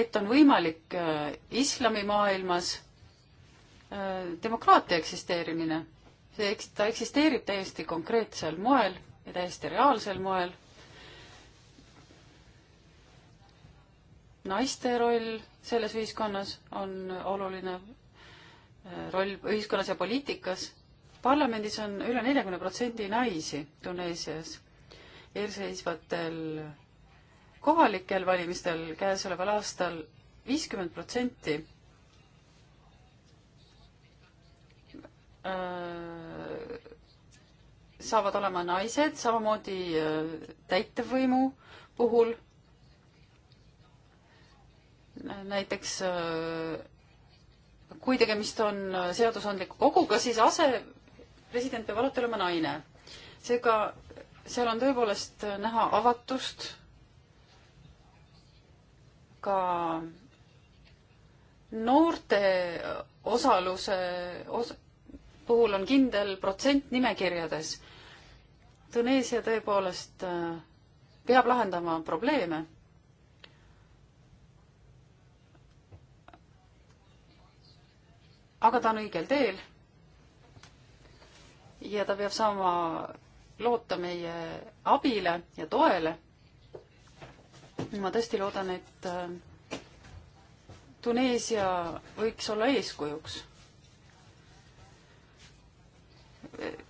et on võimalik äh, islamimaailmas demokraatia eksisteerimine. see eks-, ta eksisteerib täiesti konkreetsel moel ja täiesti reaalsel moel. naiste roll selles ühiskonnas on oluline äh, roll ühiskonnas ja poliitikas. parlamendis on üle neljakümne protsendi naisi Tuneesias. eelseisvatel kohalikel valimistel käesoleval aastal viiskümmend protsenti Äh, saavad olema naised, samamoodi äh, täitevvõimu puhul. näiteks äh, kui tegemist on seadusandliku koguga, siis asepresident peab alati olema naine. seega seal on tõepoolest näha avatust ka noorte osaluse os-, puhul on kindel protsent nimekirjades. Tuneesia tõepoolest äh, peab lahendama probleeme. aga ta on õigel teel. ja ta peab saama loota meie abile ja toele. ma tõesti loodan, et äh, Tuneesia võiks olla eeskujuks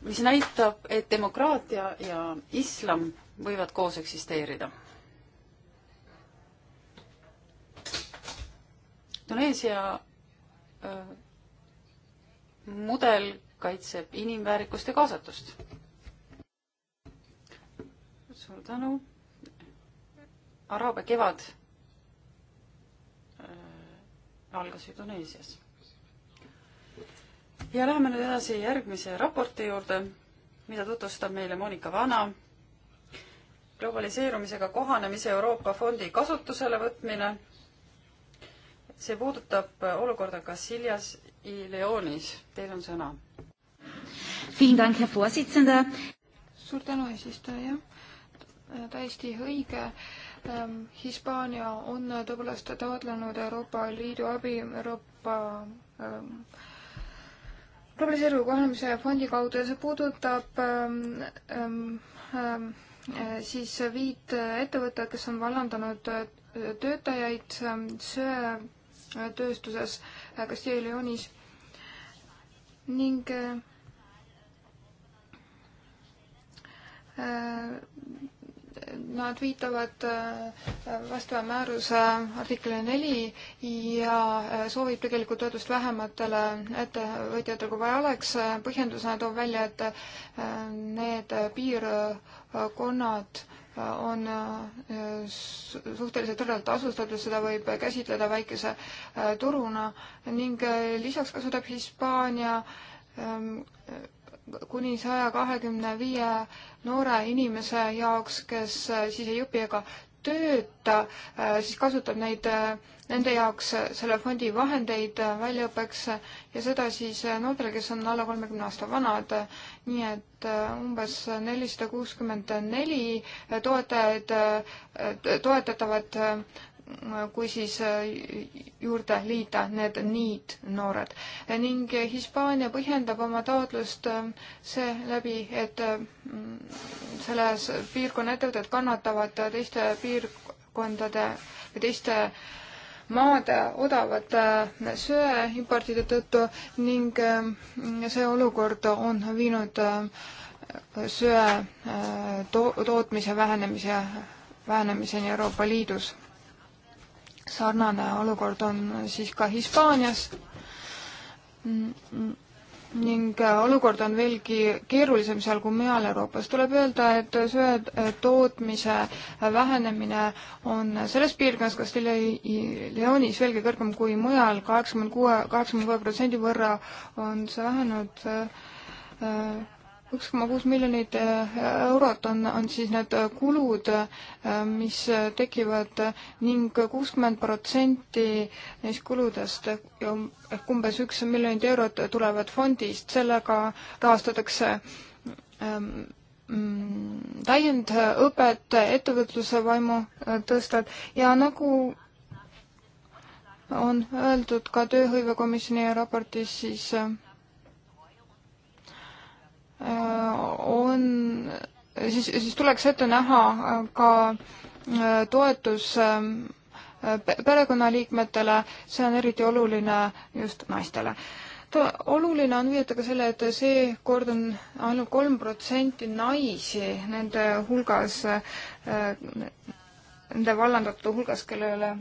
mis näitab, et demokraatia ja islam võivad koos eksisteerida. Tuneesia mudel kaitseb inimväärikust ja kaasatust. suur tänu. Araabia kevad algas ju Tuneesias ja läheme nüüd edasi järgmise raporti juurde, mida tutvustab meile Monika Vana. globaliseerumisega kohanemise Euroopa Fondi kasutusele võtmine. see puudutab olukorda Kassiljas I Leonis. Teil on sõna. suur tänu, eesistuja. täiesti õige ähm, Hispaania on tõepoolest taotlenud Euroopa Liidu abi Euroopa ähm, globaliseeruva kohanemise fondi kaudu ja see puudutab ähm, ähm, ähm äh, siis viit ettevõtet, kes on vallandanud äh, töötajaid ähm, söetööstuses äh, Castilla Leonis ning äh, nad viitavad äh, vastava määruse artikli neli ja äh, soovib tegelikult toetust vähematele ettevõtjatele, kui vaja oleks. põhjendusena toob välja, et äh, need piirkonnad on suhteliselt tõrjalt asustatud, seda võib käsitleda väikese turuna ning lisaks kasutab Hispaania ähm, kuni saja kahekümne viie noore inimese jaoks, kes äh, siis ei õpi ega tööta, äh, siis kasutab neid, äh, nende jaoks selle fondi vahendeid väljaõppeks ja seda siis noortele, kes on alla kolmekümne aasta vanad. nii et umbes nelisada kuuskümmend neli toetajad, toetatavat kui siis äh, juurde liita need need noored. ning Hispaania põhjendab oma taotlust äh, seeläbi, et äh, mm, selles piirkonna ettevõtted kannatavad teiste piirkondade või teiste maade odavate söeimportide tõttu ning see olukord on viinud söe to tootmise vähenemise, vähenemiseni Euroopa Liidus sarnane olukord on siis ka Hispaanias ning äh, olukord on veelgi keerulisem seal kui mujal Euroopas. tuleb öelda, et söe äh, tootmise äh, vähenemine on selles piirkonnas, kas Leonis veelgi kõrgem kui mujal, kaheksakümmend kuue, kaheksakümne kuue protsendi võrra on see vähenenud üks koma kuus miljonit äh, eurot on, on siis need äh, kulud, äh, mis tekivad ning kuuskümmend protsenti neist kuludest um, ehk umbes üks miljonit eurot tulevad fondist, sellega rahastatakse ähm, mm, täiendõpet, ettevõtluse vaimu tõstad ja nagu on öeldud ka tööhõivekomisjoni raportis, siis äh, Äh, on, siis, siis tuleks ette näha äh, ka äh, toetus ähm, perekonnaliikmetele, see on eriti oluline just naistele. oluline on viidata ka selle, et seekord on ainult kolm protsenti naisi nende hulgas, nende vallandatute hulgas, kellele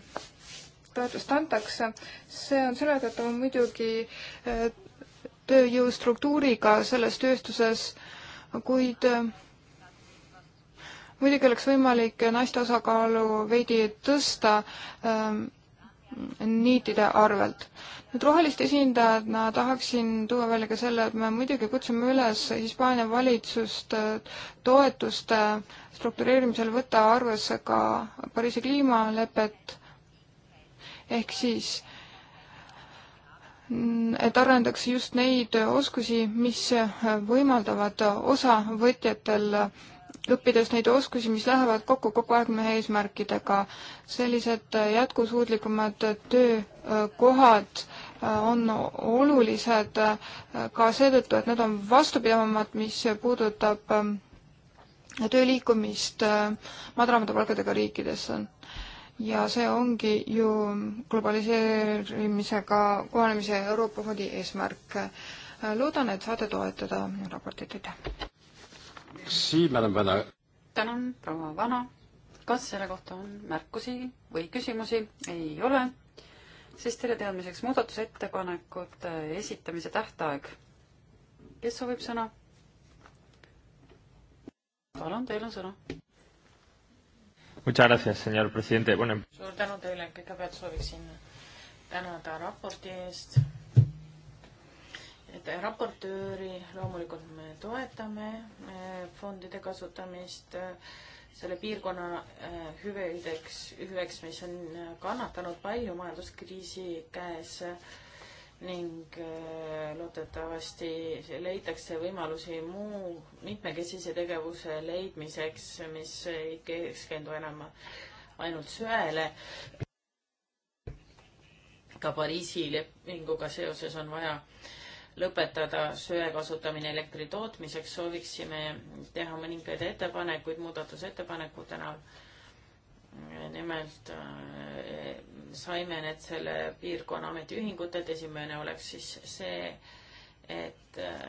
toetust antakse. see on selle tõttu muidugi tööjõustruktuuriga selles tööstuses, kuid äh, muidugi oleks võimalik naiste osakaalu veidi tõsta ähm, niitide arvelt. nüüd roheliste esindajana tahaksin tuua välja ka selle, et me muidugi kutsume üles Hispaania valitsust äh, toetuste struktureerimisel võtta arvesse ka Pariisi kliimalepet, ehk siis et arendaks just neid oskusi, mis võimaldavad osavõtjatel õppides neid oskusi, mis lähevad kokku kogu aeg meie eesmärkidega. sellised jätkusuutlikumad töökohad on olulised ka seetõttu, et need on vastupidavamad, mis puudutab töö liikumist madalamate palkadega riikidesse ja see ongi ju globaliseerimisega kohanemise Euroopa Fondi eesmärk. loodan, et saate toetada minu raportit, aitäh! tänan, proua Vana! kas selle kohta on märkusi või küsimusi? ei ole siis teile teadmiseks muudatusettepanekute esitamise tähtaeg. kes soovib sõna? palun, teil on sõna. Muchas gracias, señor presidente. Bueno. suur tänu teile, kõigepealt sooviksin tänada raporti eest. et raportööri loomulikult me toetame eh, fondide kasutamist eh, selle piirkonna eh, hüvedeks, hüveks, mis on kannatanud palju majanduskriisi käes ning äh, loodetavasti leitakse võimalusi muu mitmekesise tegevuse leidmiseks, mis ei keskendu enam ainult söele. ka Pariisi lepinguga seoses on vaja lõpetada söe kasutamine elektri tootmiseks, sooviksime teha mõningaid ettepanekuid muudatusettepanekute näol nimelt äh, saime need selle piirkonna ametiühingutelt, esimene oleks siis see, et äh,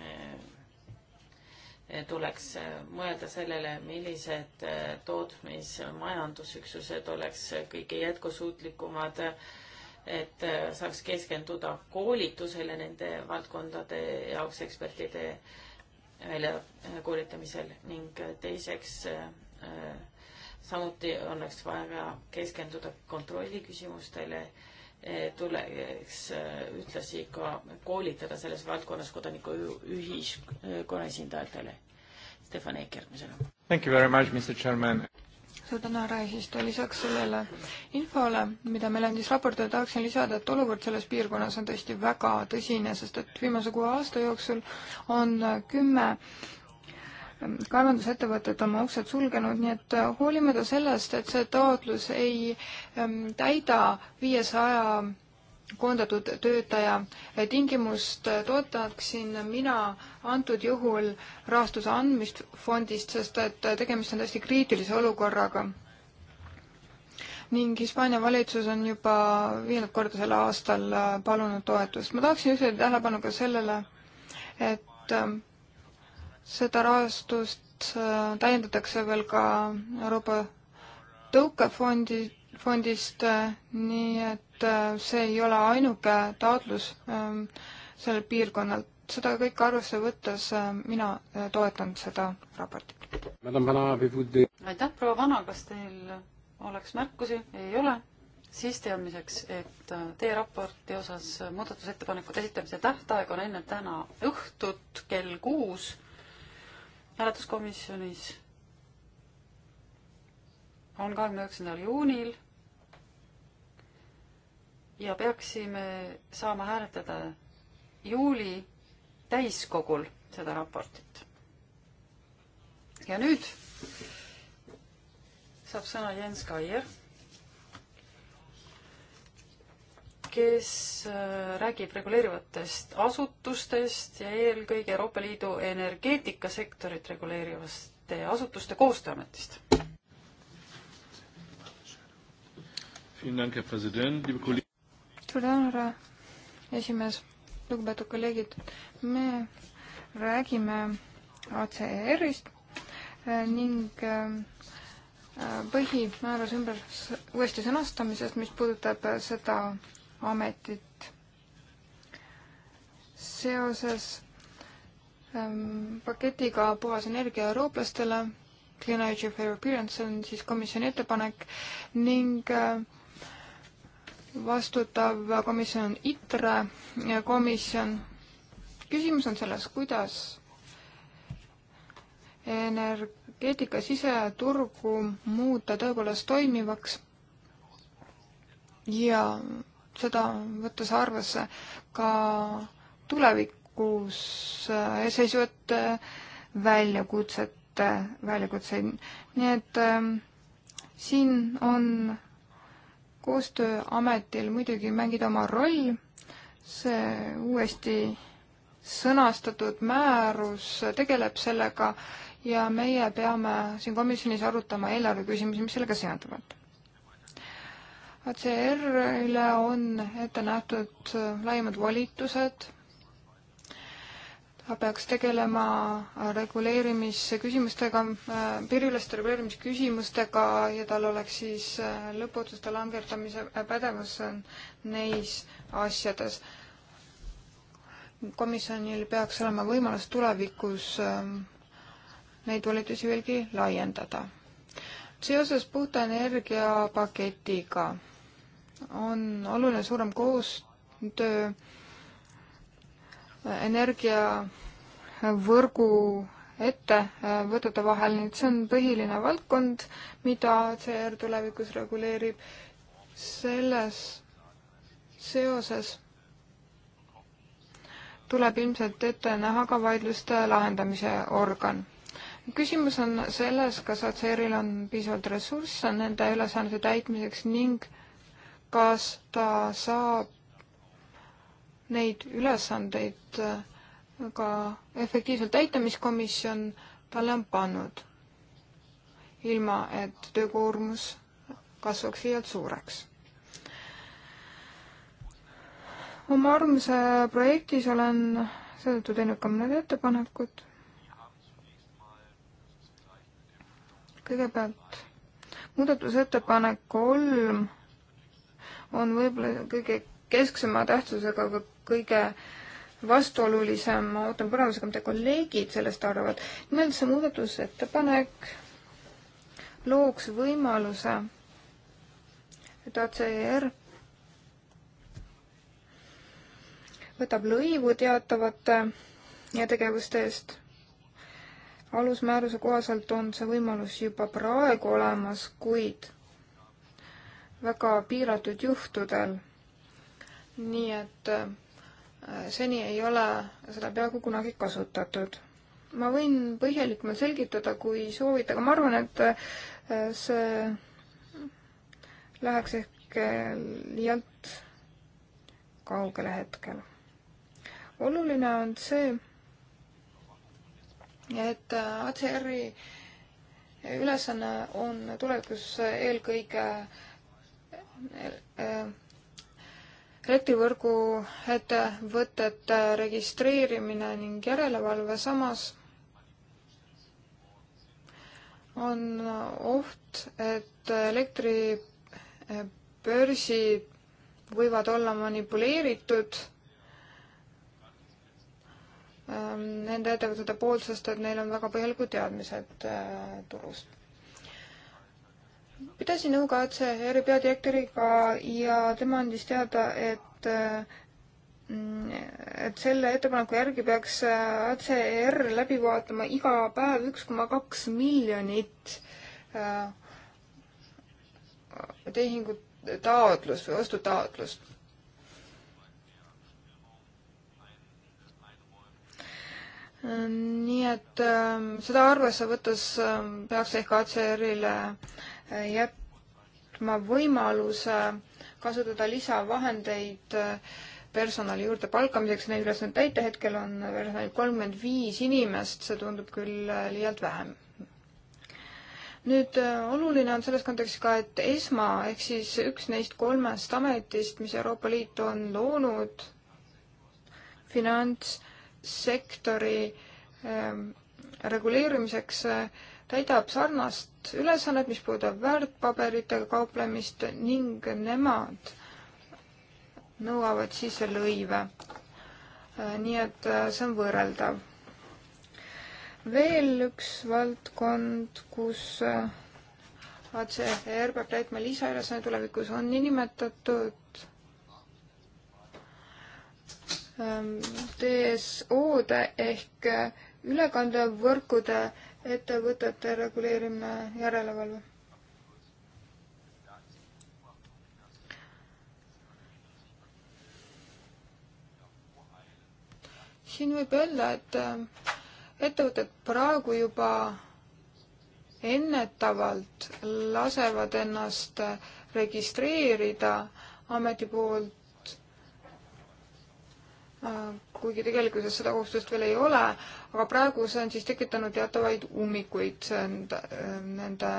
äh, tuleks mõelda sellele, millised tootmismajandusüksused oleks kõige jätkusuutlikumad, et saaks keskenduda koolitusele nende valdkondade jaoks ekspertide väljakoolitamisel ning teiseks äh, samuti oleks vaja keskenduda kontrolli küsimustele, eh, tuleks eh, ühtlasi ka koolitada selles valdkonnas kodanikuühiskonna esindajatele. Stefan Eik järgmisena. Thank you very much, Mr Chairman suur tänu, härra eesistuja, lisaks sellele infole, mida meile andis raportöö, tahaksin lisada, et olukord selles piirkonnas on tõesti väga tõsine, sest et viimase kuue aasta jooksul on kümme kaevandusettevõtted oma uksed sulgenud, nii et äh, hoolimata sellest, et see taotlus ei ähm, täida viiesaja koondatud töötaja äh, tingimust, äh, toetaksin mina antud juhul rahastuse andmist fondist, sest et tegemist on tõesti kriitilise olukorraga. ning Hispaania valitsus on juba viiendat korda sel aastal palunud toetust. ma tahaksin juhtida tähelepanu ka sellele, et ähm, seda rahastust äh, täiendatakse veel ka Euroopa tõukefondi, fondist, äh, nii et äh, see ei ole ainuke taotlus ähm, sellelt piirkonnalt. seda kõike arvesse võttes mina toetan seda raportit. aitäh, proua Vana, kas teil oleks märkusi? ei ole? siis teadmiseks, et teie raporti osas muudatusettepanekute esitamise tähtaeg on enne täna õhtut kell kuus hääletuskomisjonis on kahekümne üheksandal juunil ja peaksime saama hääletada juuli täiskogul seda raportit. ja nüüd saab sõna Jens Kaier kes äh, räägib reguleerivatest asutustest ja eelkõige Euroopa Liidu energeetikasektorit reguleerivaste asutuste koostööametist. suur tänu, härra esimees, lugupeetud kolleegid. me räägime ACR-ist äh, ning äh, põhimääruse ümber uuesti sõnastamisest, mis puudutab seda ametit seoses ähm, paketiga Puhas energia eurooplastele, Clean Energy for Europeans, see on siis komisjoni ettepanek ning äh, vastutav komisjon on ITRE komisjon. küsimus on selles, kuidas energeetika siseturgu muuta tõepoolest toimivaks ja seda võttes arvesse ka tulevikus äh, seisvate äh, väljakutsete, väljakutseid. nii et ähm, siin on koostööametil muidugi mängida oma roll, see uuesti sõnastatud määrus tegeleb sellega ja meie peame siin komisjonis arutama eelarve küsimusi, mis sellega seonduvad. ACR-ile on ette nähtud laiemad volitused. ta peaks tegelema reguleerimisküsimustega, äh, piiriüleste reguleerimisküsimustega ja tal oleks siis äh, lõpuotsuste langetamise pädevus neis asjades. komisjonil peaks olema võimalus tulevikus ähm, neid volitusi veelgi laiendada. seoses puhta energia paketiga on oluline suurem koostöö energiavõrgu ettevõtete äh, vahel, nii et see on põhiline valdkond, mida CR tulevikus reguleerib. selles seoses tuleb ilmselt ette näha ka vaidluste lahendamise organ küsimus on selles, kas ACR-il on piisavalt ressursse nende ülesannete täitmiseks ning kas ta saab neid ülesandeid äh, ka efektiivselt täita, mis komisjon talle on pannud, ilma et töökoormus kasvaks liialt suureks. oma armsa projektis olen seetõttu teinud ka mõned ettepanekud. kõigepealt muudatusettepanek kolm on võib-olla kõige kesksema tähtsusega, aga kõige vastuolulisem, ma ootan põnevusega, mida kolleegid sellest arvavad. nimelt see muudatusettepanek looks võimaluse, et ACR võtab lõivu teatavate tegevuste eest. alusmääruse kohaselt on see võimalus juba praegu olemas, kuid väga piiratud juhtudel. nii et äh, seni ei ole seda peaaegu kunagi kasutatud. ma võin põhjalikumalt selgitada, kui soovite, aga ma arvan, et äh, see läheks ehk äh, liialt kaugele hetkel. oluline on see, et ACR-i ülesanne on tulevikus eelkõige äh, elektrivõrgu ettevõtete registreerimine ning järelevalve samas on oht, et elektribörsid võivad olla manipuleeritud ähm, nende ettevõtete poolt, sest et neil on väga põhjalikud teadmised äh, turust pidasin nõu ka OCR-i peadirektoriga ja tema andis teada, et mm, et selle ettepaneku järgi peaks ACR läbi vaatama iga päev üks koma kaks miljonit äh, tehingut, taotlust või ostutaotlust. nii et ähm, seda arvesse võttes ähm, peaks ehk ACR-ile äh, jätma võimaluse kasutada lisavahendeid personali juurde palkamiseks, neid ülesandeid täita, hetkel on personalil kolmkümmend viis inimest, see tundub küll liialt vähem. nüüd äh, oluline on selles kontekstis ka, et ESMA ehk siis üks neist kolmest ametist, mis Euroopa Liit on loonud finantssektori ähm, reguleerimiseks äh, täidab sarnast ülesannet, mis puudutab väärtpaberitega kauplemist ning nemad nõuavad sisse lõive. Äh, nii et äh, see on võrreldav. veel üks valdkond, kus äh, ACR peab täitma lisaülesanne tulevikus, on niinimetatud ähm, DSO-de ehk ülekandevõrkude ettevõtete reguleerimine, järelevalve. siin võib öelda, et äh, ettevõtted praegu juba ennetavalt lasevad ennast äh, registreerida ameti poolt, äh, kuigi tegelikkuses seda kohustust veel ei ole, aga praegu see on siis tekitanud teatavaid ummikuid nende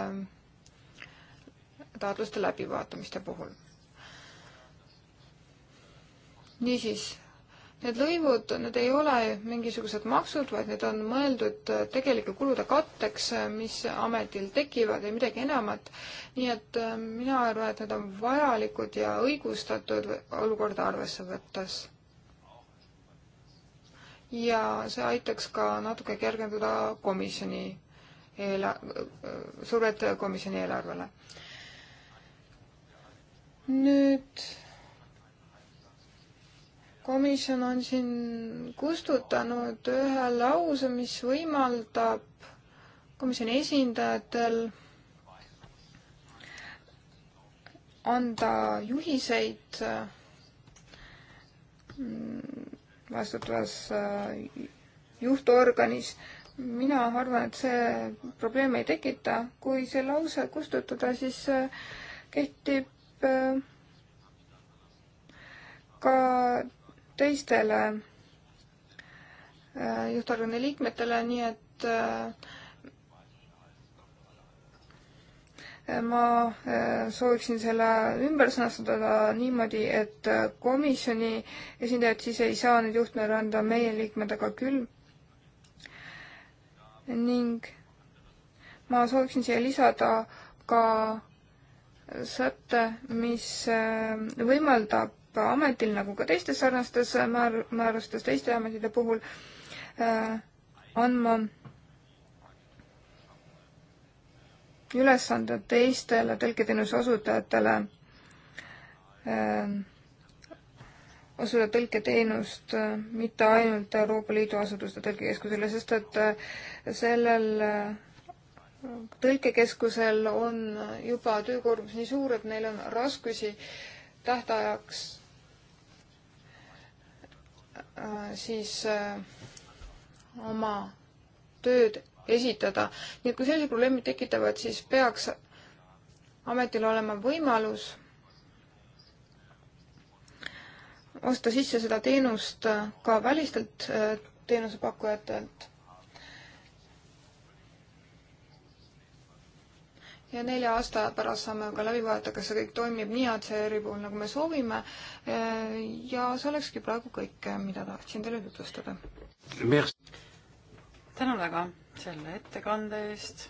taotluste läbivaatamiste puhul. niisiis, need lõivud, need ei ole mingisugused maksud, vaid need on mõeldud tegelike kulude katteks, mis ametil tekivad ja midagi enamat. nii et äh, mina arvan, et need on vajalikud ja õigustatud olukorda arvesse võttes ja see aitaks ka natuke kergendada komisjoni eela-, survet komisjoni eelarvele. nüüd komisjon on siin kustutanud ühe lause, mis võimaldab komisjoni esindajatel anda juhiseid mm, vastutavas äh, juhtorganis. mina arvan, et see probleeme ei tekita. kui see lause kustutada, siis äh, kehtib äh, ka teistele juhtorgani liikmetele, nii et äh, ma äh, sooviksin selle ümber sõnastada niimoodi, et äh, komisjoni esindajad siis ei saa neid juhtmeid anda meie liikmed, aga küll. ning ma sooviksin siia lisada ka sätte, mis äh, võimaldab ametil nagu ka teistes sarnastes määr-, määrustes teiste ametite puhul äh, andma ülesanded teistele tõlketeenuse osutajatele äh, osutada tõlketeenust äh, mitte ainult Euroopa Liidu asutuste tõlkekeskusele, sest et äh, sellel tõlkekeskusel on juba töökoormus nii suur, et neil on raskusi tähtajaks siis oma tööd esitada. nii et kui sellised probleemid tekitavad, siis peaks ametil olema võimalus osta sisse seda teenust ka välistelt äh, teenusepakkujatelt. ja nelja aasta pärast saame ka läbi vaadata, kas see kõik toimib nii ACR-i puhul, nagu me soovime. Äh, ja see olekski praegu kõik, äh, mida tahtsin teile tutvustada. tänan väga selle ettekande eest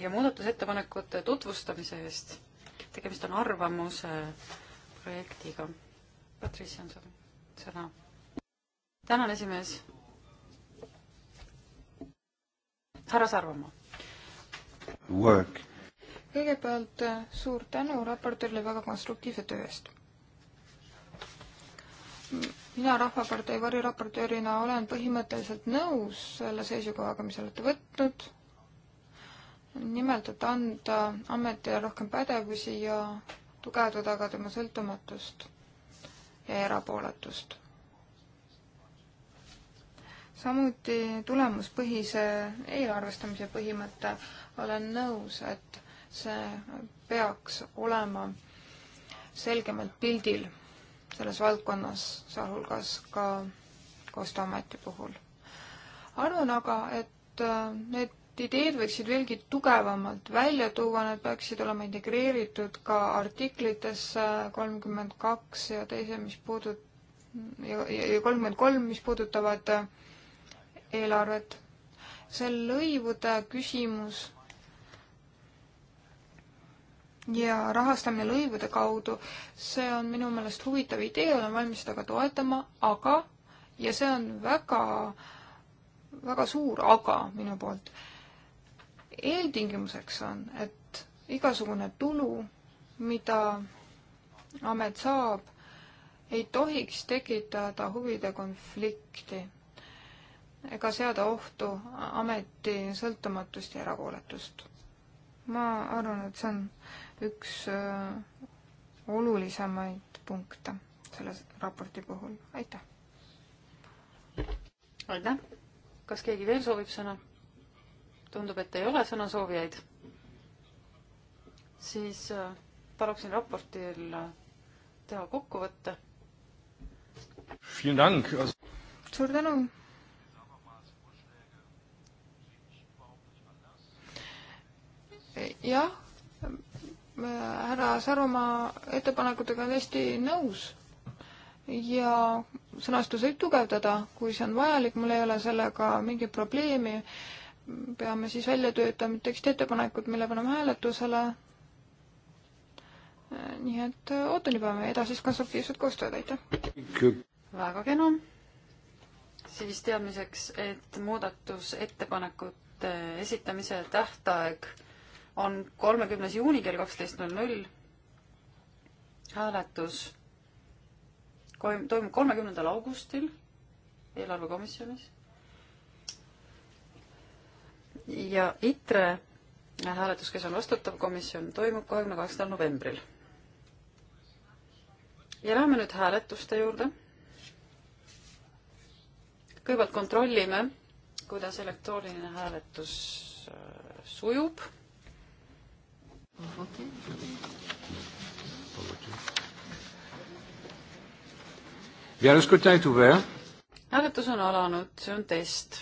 ja muudatusettepanekute tutvustamise eest. tegemist on arvamuse projektiga. Patricia on sul sõna. tänan, esimees. härra Sarvamaa. Work. kõigepealt äh, suur tänu raportöörile väga konstruktiivse töö eest mina Rahvapartei variraportöörina olen põhimõtteliselt nõus selle seisukohaga, mis olete võtnud. nimelt, et anda ametile rohkem pädevusi ja tugevdada ka tema sõltumatust ja erapooletust. samuti tulemuspõhise eelarvestamise põhimõte, olen nõus, et see peaks olema selgemalt pildil selles valdkonnas, sealhulgas ka Koostööameti puhul. arvan aga, et äh, need ideed võiksid veelgi tugevamalt välja tuua, need peaksid olema integreeritud ka artiklitesse kolmkümmend kaks ja teise, mis puudut- ja kolmkümmend kolm, mis puudutavad äh, eelarvet. see lõivude küsimus ja rahastamine lõivude kaudu, see on minu meelest huvitav idee, olen valmis seda ka toetama, aga, ja see on väga, väga suur aga minu poolt, eeltingimuseks on, et igasugune tulu, mida amet saab, ei tohiks tekitada huvide konflikti ega seada ohtu ameti sõltumatust ja erapooletust. ma arvan, et see on üks äh, olulisemaid punkte selle raporti puhul. aitäh! aitäh! kas keegi veel soovib sõna? tundub, et ei ole sõnasoovijaid. siis äh, paluksin raportil äh, teha kokkuvõtte. suur tänu! jah härra Sarumaa ettepanekutega on hästi nõus ja sõnastus võib tugevdada, kui see on vajalik, mul ei ole sellega mingit probleemi. peame siis välja töötama tekstiettepanekud, mille paneme hääletusele. nii et ootan juba meie edasist konstruktiivset koostööd, aitäh! väga kena. siis teadmiseks, et muudatusettepanekute esitamise tähtaeg on kolmekümnes juuni kell kaksteist null null. hääletus toimub kolmekümnendal augustil eelarvekomisjonis. ja ITRE hääletus, kes on vastutav komisjon, toimub kahekümne kaheksandal novembril. ja läheme nüüd hääletuste juurde. kõigepealt kontrollime, kuidas elektrooniline hääletus äh, sujub hääletus on alanud, see on test.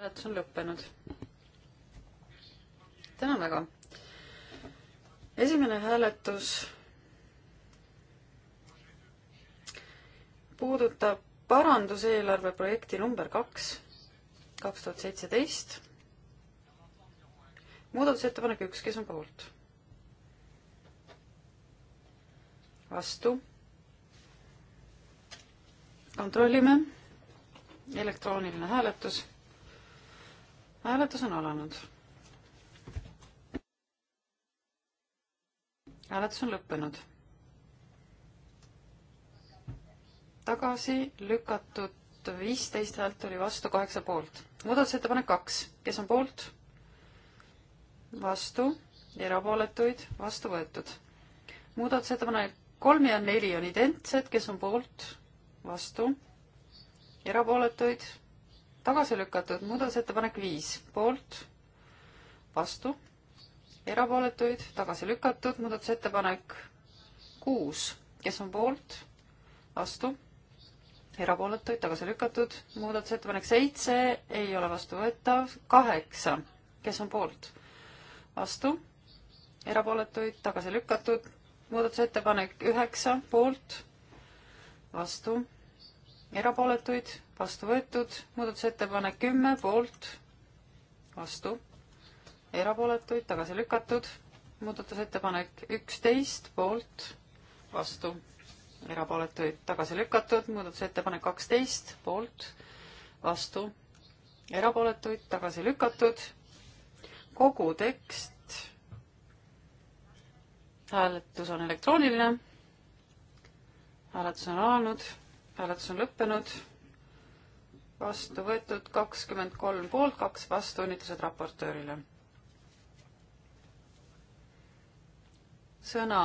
hääletus on lõppenud. tänan väga. esimene hääletus puudutab paranduseelarve projekti number kaks, kaks tuhat seitseteist. muudatusettepanek üks, kes on poolt? vastu. kontrollime. elektrooniline hääletus. hääletus on alanud. hääletus on lõppenud tagasi lükatud, viisteist häält oli vastu, kaheksa poolt. muudatusettepanek kaks, kes on poolt? vastu, erapooletuid, vastu võetud. muudatusettepanek kolm ja neli on identsed, kes on poolt? vastu, erapooletuid, tagasi lükatud. muudatusettepanek viis, poolt, vastu, erapooletuid, tagasi lükatud. muudatusettepanek kuus, kes on poolt? vastu erapooletuid tagasi lükatud, muudatusettepanek seitse ei ole vastuvõetav, kaheksa, kes on poolt? vastu, erapooletuid tagasi lükatud, muudatusettepanek üheksa, poolt, vastu, erapooletuid, vastu võetud, muudatusettepanek kümme, poolt, vastu, erapooletuid tagasi lükatud, muudatusettepanek üksteist, poolt, vastu erapooletuid tagasi lükatud, muudatusettepanek kaksteist poolt, vastu, erapooletuid tagasi lükatud, kogu tekst, hääletus on elektrooniline, hääletus on alanud, hääletus on lõppenud, vastu võetud kakskümmend kolm poolt, kaks vastu, õnnitlused raportöörile. sõna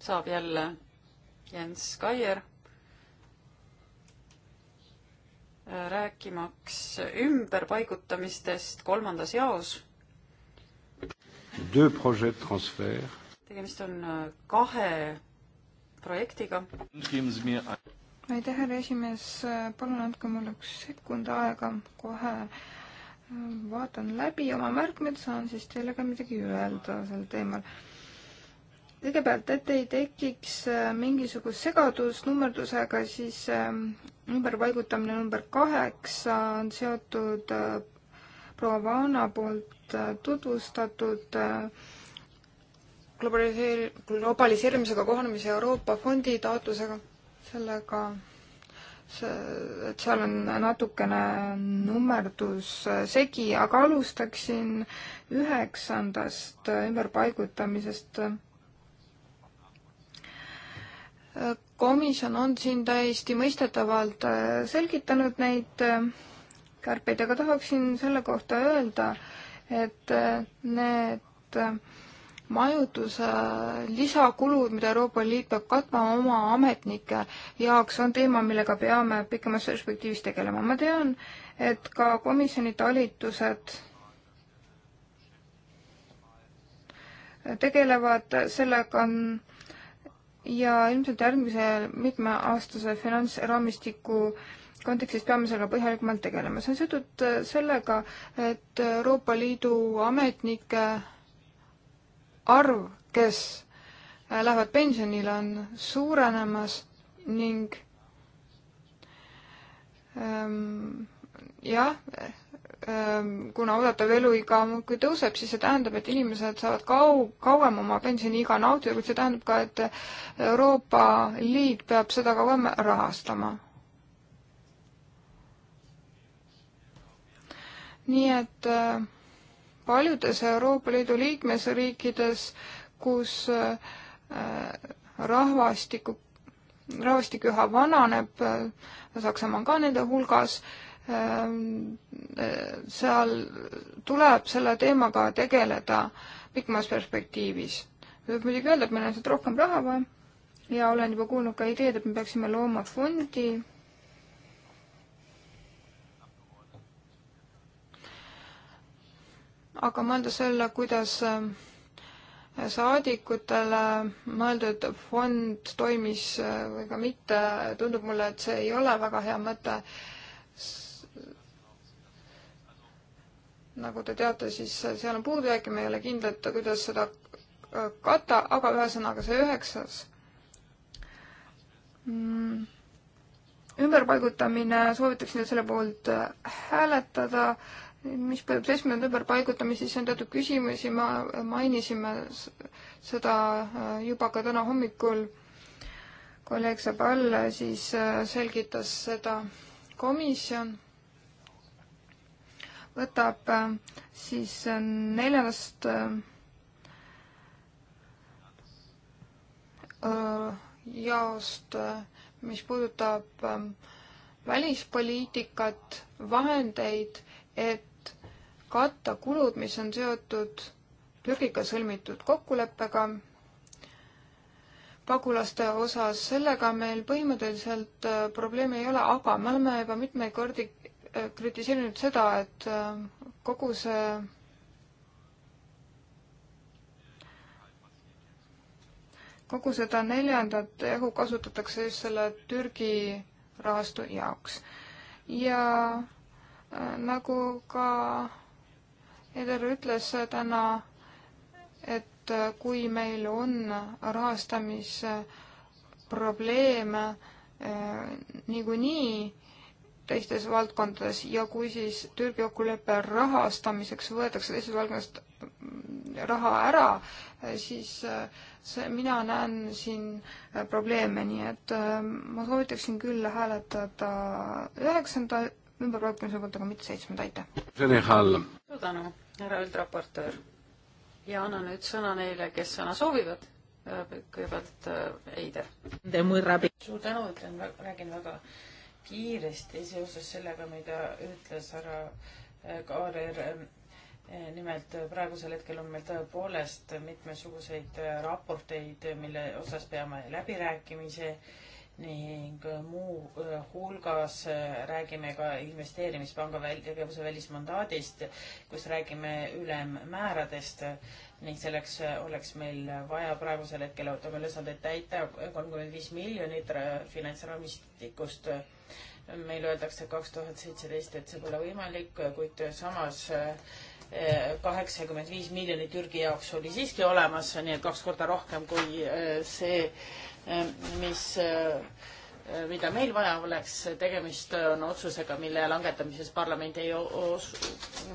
saab jälle Jens Kaier äh, rääkimaks ümberpaigutamistest kolmandas jaos. tegemist on äh, kahe projektiga. aitäh, härra esimees, äh, palun andke mulle üks sekund aega, kohe vaatan läbi oma märkmed, saan siis teile ka midagi öelda sel teemal kõigepealt, et ei tekiks äh, mingisugust segadust nummerdusega, siis ähm, ümberpaigutamine number kaheksa on seotud äh, proua Vana poolt äh, tutvustatud globaliseer-, globaliseerimisega kohanemise Euroopa fondi taotlusega, sellega see, et seal on natukene nummerdus segi, aga alustaksin üheksandast ümberpaigutamisest komisjon on siin täiesti mõistetavalt äh, selgitanud neid äh, kärpeid, aga tahaksin selle kohta öelda, et äh, need majutuse lisakulud, mida Euroopa Liit peab katma oma ametnike jaoks, on teema, millega peame pikemas perspektiivis tegelema. ma tean, et ka komisjoni talitused tegelevad sellega, on ja ilmselt järgmise mitmeaastase finantsraamistiku kontekstis peame sellega põhjalikumalt tegelema. see on seotud äh, sellega, et Euroopa Liidu ametnike arv, kes äh, lähevad pensionile, on suurenemas ning ähm, jah, Ehm, kuna oodatav eluiga muudkui tõuseb, siis see tähendab, et inimesed saavad kau-, kauem oma pensioniiga nautida, kuid see tähendab ka, et Euroopa Liit peab seda kauem rahastama. nii et eh, paljudes Euroopa Liidu liikmesriikides, kus eh, rahvastiku, rahvastik üha vananeb, eh, Saksamaa on ka nende hulgas, Ehm, seal tuleb selle teemaga tegeleda pikemas perspektiivis. võib muidugi öelda, et meil on lihtsalt rohkem raha vaja ja olen juba kuulnud ka ideed, et me peaksime looma fondi, aga mõelda selle, kuidas äh, saadikutele mõeldud fond toimis äh, või ka mitte, tundub mulle, et see ei ole väga hea mõte nagu te teate, siis seal on puudujääke, me ei ole kindlad, kuidas seda äh, kata, aga ühesõnaga see üheksas mm. ümberpaigutamine, soovitakse nüüd selle poolt äh, hääletada, mis puudutab seitsmendat ümberpaigutamist, siis on teatud küsimusi, ma, äh, mainisime seda juba ka täna hommikul. kolleeg Sabal siis selgitas seda komisjon võtab äh, siis äh, neljandast äh, jaost, mis puudutab välispoliitikat, vahendeid, et katta kulud, mis on seotud Türgiga sõlmitud kokkuleppega pagulaste osas, sellega meil põhimõtteliselt probleemi ei ole, aga me oleme juba mitmeid kordi kritiseerinud seda, et äh, kogu see kogu seda neljandat jagu kasutatakse just selle Türgi rahastu jaoks. ja äh, nagu ka Eder ütles täna, et äh, kui meil on rahastamisprobleeme äh, niikuinii, teistes valdkondades ja kui siis Türgi kokkuleppe rahastamiseks võetakse teisest valdkonnast mm, raha ära, siis äh, see, mina näen siin äh, probleeme, nii et äh, ma soovitaksin küll hääletada üheksanda ümberpaiknemise poolt, aga mitte seitsmenda, aitäh! suur tänu, härra üldraportöör! ja annan nüüd sõna neile, kes sõna soovivad kõigepealt Heider. suur tänu, ütlen, räägin väga kiiresti seoses sellega, mida ütles härra äh, Kaarer. Äh, nimelt äh, praegusel hetkel on meil tõepoolest mitmesuguseid raporteid, mille osas peame läbirääkimisi ning äh, muu äh, hulgas äh, räägime ka investeerimispanga väl-, tegevuse välismandaadist, kus räägime ülemmääradest ning selleks oleks meil vaja praegusel hetkel ootame ülesandeid täita kolmkümmend viis miljonit finantsraamistikust. meile öeldakse kaks tuhat seitseteist, et see pole võimalik, kuid samas kaheksakümmend viis miljonit Jürgi jaoks oli siiski olemas, nii et kaks korda rohkem kui see Ehm, mis, eh, mida meil vaja oleks, tegemist on otsusega, mille langetamises parlament ei os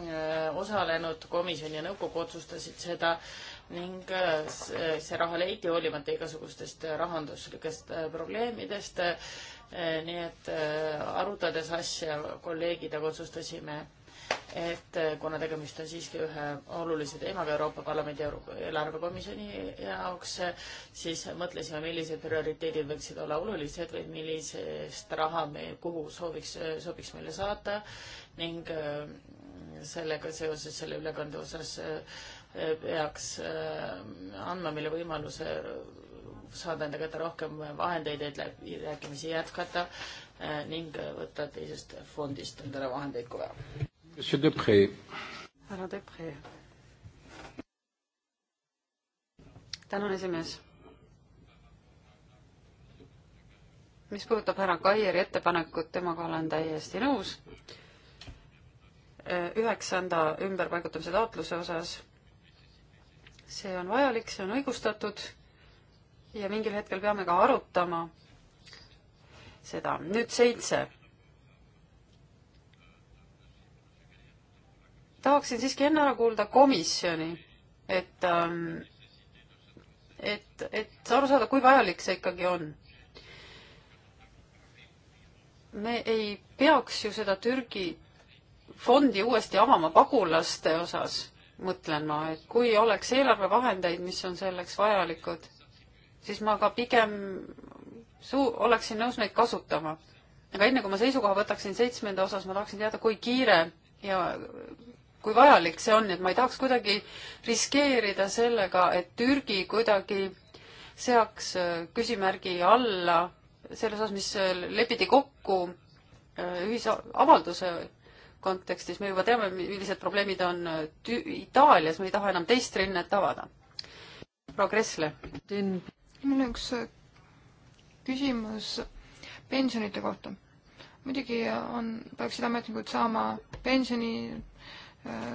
eh, osalenud, komisjon ja nõukogu otsustasid seda ning eh, see raha leiti hoolimata igasugustest rahanduslikest probleemidest. nii et arutades asja kolleegidega otsustasime et eh, kuna tegemist on siiski ühe olulise teemaga Euroopa Parlamendi eelarvekomisjoni jaoks, siis mõtlesime, millised prioriteedid võiksid olla olulised või millisest raha me, kuhu sooviks, sobiks meile saata ning eh, sellega seoses selle ülekande osas eh, peaks andma meile võimaluse saada enda kätte rohkem vahendeid, et läbirääkimisi jätkata ning võtta teisest fondist endale vahendeid kui vaja härra Depree. tänan, esimees. mis puudutab härra Kaieri ettepanekut, temaga olen täiesti nõus. Üheksanda ümberpaigutamise taotluse osas, see on vajalik, see on õigustatud ja mingil hetkel peame ka arutama seda. nüüd seitse tahaksin siiski enne ära kuulda komisjoni, et, ähm, et, et aru saada, kui vajalik see ikkagi on. me ei peaks ju seda Türgi fondi uuesti avama pagulaste osas, mõtlen ma, et kui oleks eelarvevahendeid, mis on selleks vajalikud, siis ma ka pigem suu-, oleksin nõus neid kasutama. aga enne, kui ma seisukoha võtaksin seitsmenda osas, ma tahaksin teada, kui kiire ja kui vajalik see on, et ma ei tahaks kuidagi riskeerida sellega, et Türgi kuidagi seaks äh, küsimärgi alla selles osas, mis äh, lepiti kokku äh, ühisavalduse kontekstis, me juba teame, millised probleemid on tü-, Itaalias, me ei taha enam teist rinnet avada. proua Kressle. mul on üks küsimus pensionite kohta. muidugi on, peaksid ametnikud saama pensioni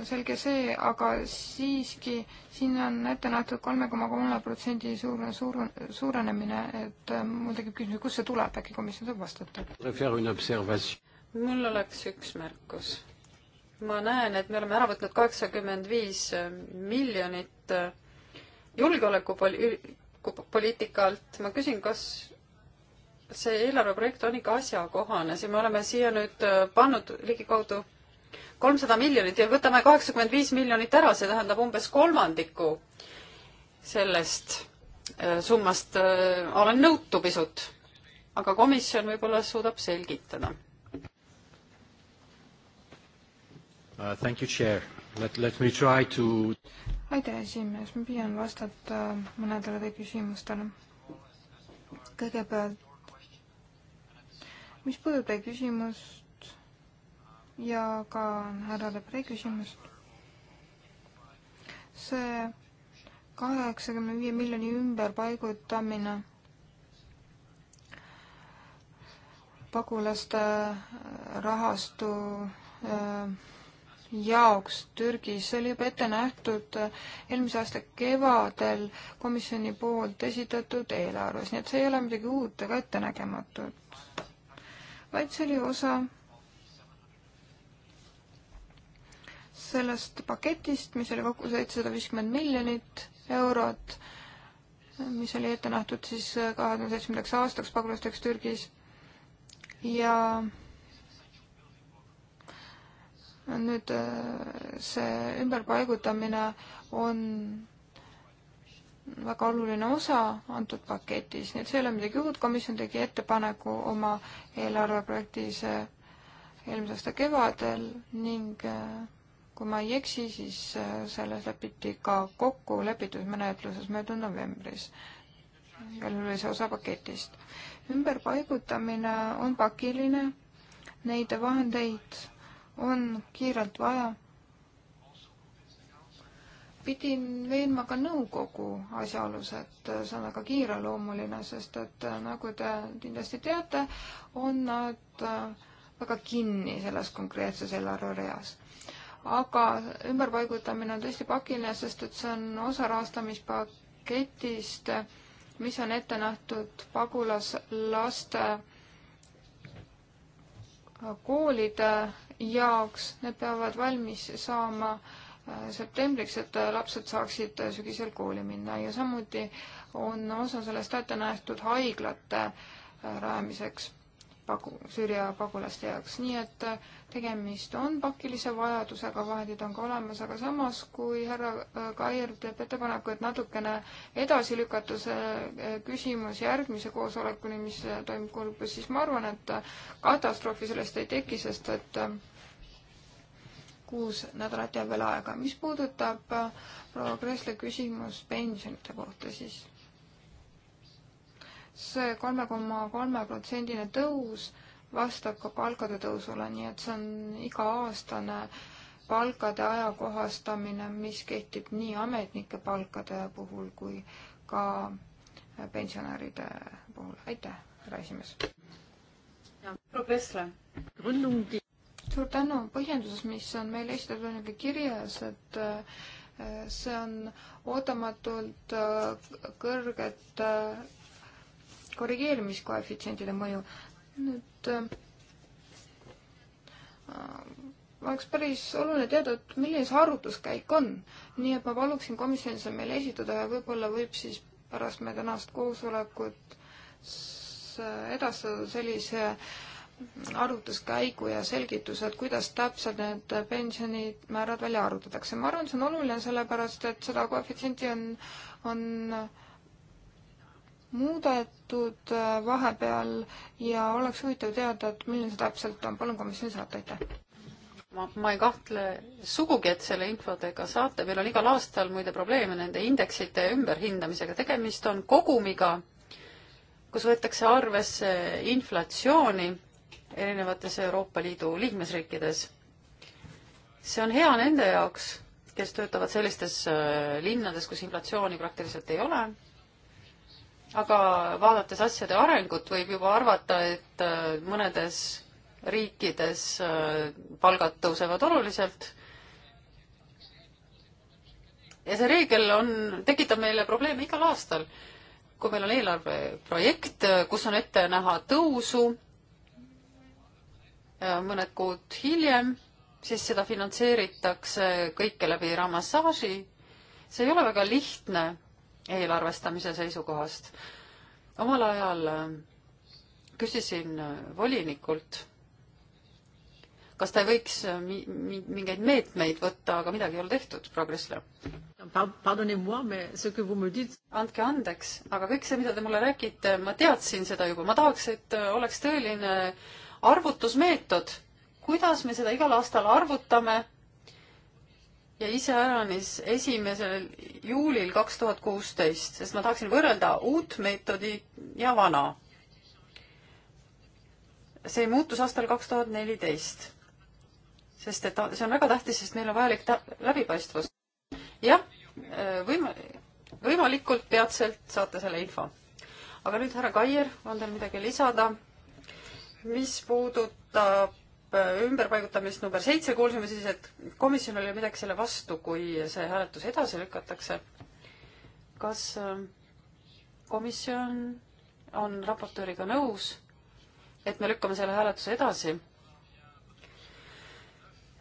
selge see, aga siiski siin on ette nähtud kolme koma kolme protsendi suurune suur, suurenemine, et äh, mul tekib küsimus, kust see tuleb, äkki komisjon saab vastata? mul oleks üks märkus. ma näen, et me oleme ära võtnud kaheksakümmend viis äh, miljonit äh, julgeolekupoliitika alt, ma küsin, kas see eelarveprojekt on ikka asjakohane, siin me oleme siia nüüd pannud ligikaudu kolmsada miljonit ja võtame kaheksakümmend viis miljonit ära, see tähendab umbes kolmandiku sellest äh, summast. Äh, olen nõutu pisut, aga komisjon võib-olla suudab selgitada uh,. Thank you, chair. Let, let me try to aitäh, esimees, ma püüan vastata äh, mõnedele teie küsimustele. kõigepealt, mis puudutab teie küsimust ja ka härra Lebre küsimust. see kaheksakümne viie miljoni ümberpaigutamine pagulaste äh, rahastu äh, jaoks Türgis, see oli juba ette nähtud äh, eelmise aasta kevadel komisjoni poolt esitatud eelarves, nii et see ei ole midagi uut ega ettenägematut, vaid see oli osa sellest paketist, mis oli kokku seitsesada viiskümmend miljonit eurot, mis oli ette nähtud siis kahe tuhande seitsmendaks aastaks pagulasteks Türgis ja nüüd äh, see ümberpaigutamine on väga oluline osa antud paketis, nii et see ei ole midagi uut, komisjon tegi ettepaneku oma eelarveprojektis äh, eelmise aasta kevadel ning äh, kui ma ei eksi, siis äh, selles lepiti ka kokku lepitusmenetluses möödunud novembris. igal juhul oli see osa paketist. ümberpaigutamine on pakiline, neid vahendeid on kiirelt vaja. pidin veenma ka nõukogu asjaolus, et see on väga kiireloomuline, sest et äh, nagu te kindlasti teate, on nad äh, väga kinni selles konkreetses eelarvereas aga ümberpaigutamine on tõesti pakiline, sest et see on osa rahastamispaketist, mis on ette nähtud pagulaslaste koolide jaoks, need peavad valmis saama äh, septembriks, et äh, lapsed saaksid äh, sügisel kooli minna ja samuti on osa sellest ette nähtud haiglate rajamiseks pagu-, Süüria pagulaste jaoks, nii et äh, tegemist on pakilise vajadusega, vahendid on ka olemas, aga samas, kui härra äh, Kair teeb ettepaneku, et natukene edasi lükata see äh, küsimus järgmise koosolekuni, mis toimub Kulbis, siis ma arvan, et katastroofi sellest ei teki, sest et kuus nädalat jääb veel aega. mis puudutab proua Kressle küsimust pensionite kohta, siis see kolme koma kolme protsendine tõus vastab ka palkade tõusule, nii et see on iga-aastane palkade ajakohastamine, mis kehtib nii ametnike palkade puhul kui ka pensionäride puhul. aitäh, härra esimees! proua Kressle. suur tänu põhjenduses, mis on meile esitatud, on ikka kirjas, et äh, see on ootamatult äh, kõrgete äh, korrigeerimiskoefitsientide mõju. nüüd äh, oleks päris oluline teada, et milline see arvutuskäik on. nii et ma paluksin komisjonil see meile esitada ja võib-olla võib siis pärast me tänast koosolekut edastada sellise arvutuskäigu ja selgitused, kuidas täpselt need pensionimäärad välja arvutatakse. ma arvan, see on oluline, sellepärast et seda koefitsienti on, on muudetud äh, vahepeal ja oleks huvitav teada, et milline see täpselt on, palun komisjoni saata, aitäh! ma, ma ei kahtle sugugi, et selle infodega saate, meil on igal aastal muide probleeme nende indeksite ümberhindamisega, tegemist on kogumiga, kus võetakse arvesse inflatsiooni erinevates Euroopa Liidu liikmesriikides. see on hea nende jaoks, kes töötavad sellistes äh, linnades, kus inflatsiooni praktiliselt ei ole aga vaadates asjade arengut, võib juba arvata, et äh, mõnedes riikides äh, palgad tõusevad oluliselt. ja see reegel on, tekitab meile probleeme igal aastal. kui meil on eelarveprojekt, äh, kus on ette näha tõusu mõned kuud hiljem, siis seda finantseeritakse kõike läbi ramassaaži. see ei ole väga lihtne eelarvestamise seisukohast. omal ajal äh, küsisin äh, volinikult, kas ta ei võiks äh, mi-, mi-, mingeid meetmeid võtta, aga midagi ei ole tehtud progressile. andke andeks, aga kõik see, mida te mulle räägite, ma teadsin seda juba, ma tahaks, et oleks tõeline arvutusmeetod, kuidas me seda igal aastal arvutame ja iseäranis esimesel juulil kaks tuhat kuusteist, sest ma tahaksin võrrelda uut meetodi ja vana. see muutus aastal kaks tuhat neliteist, sest et see on väga tähtis, sest meil on vajalik läbipaistvus. jah, võima-, võimalikult peatselt saate selle info. aga nüüd härra Kaier, on teil midagi lisada, mis puudutab ümberpaigutamist number seitse, kuulsime siis, et komisjonil oli midagi selle vastu, kui see hääletus edasi lükatakse. kas äh, komisjon on raportööriga nõus, et me lükkame selle hääletuse edasi?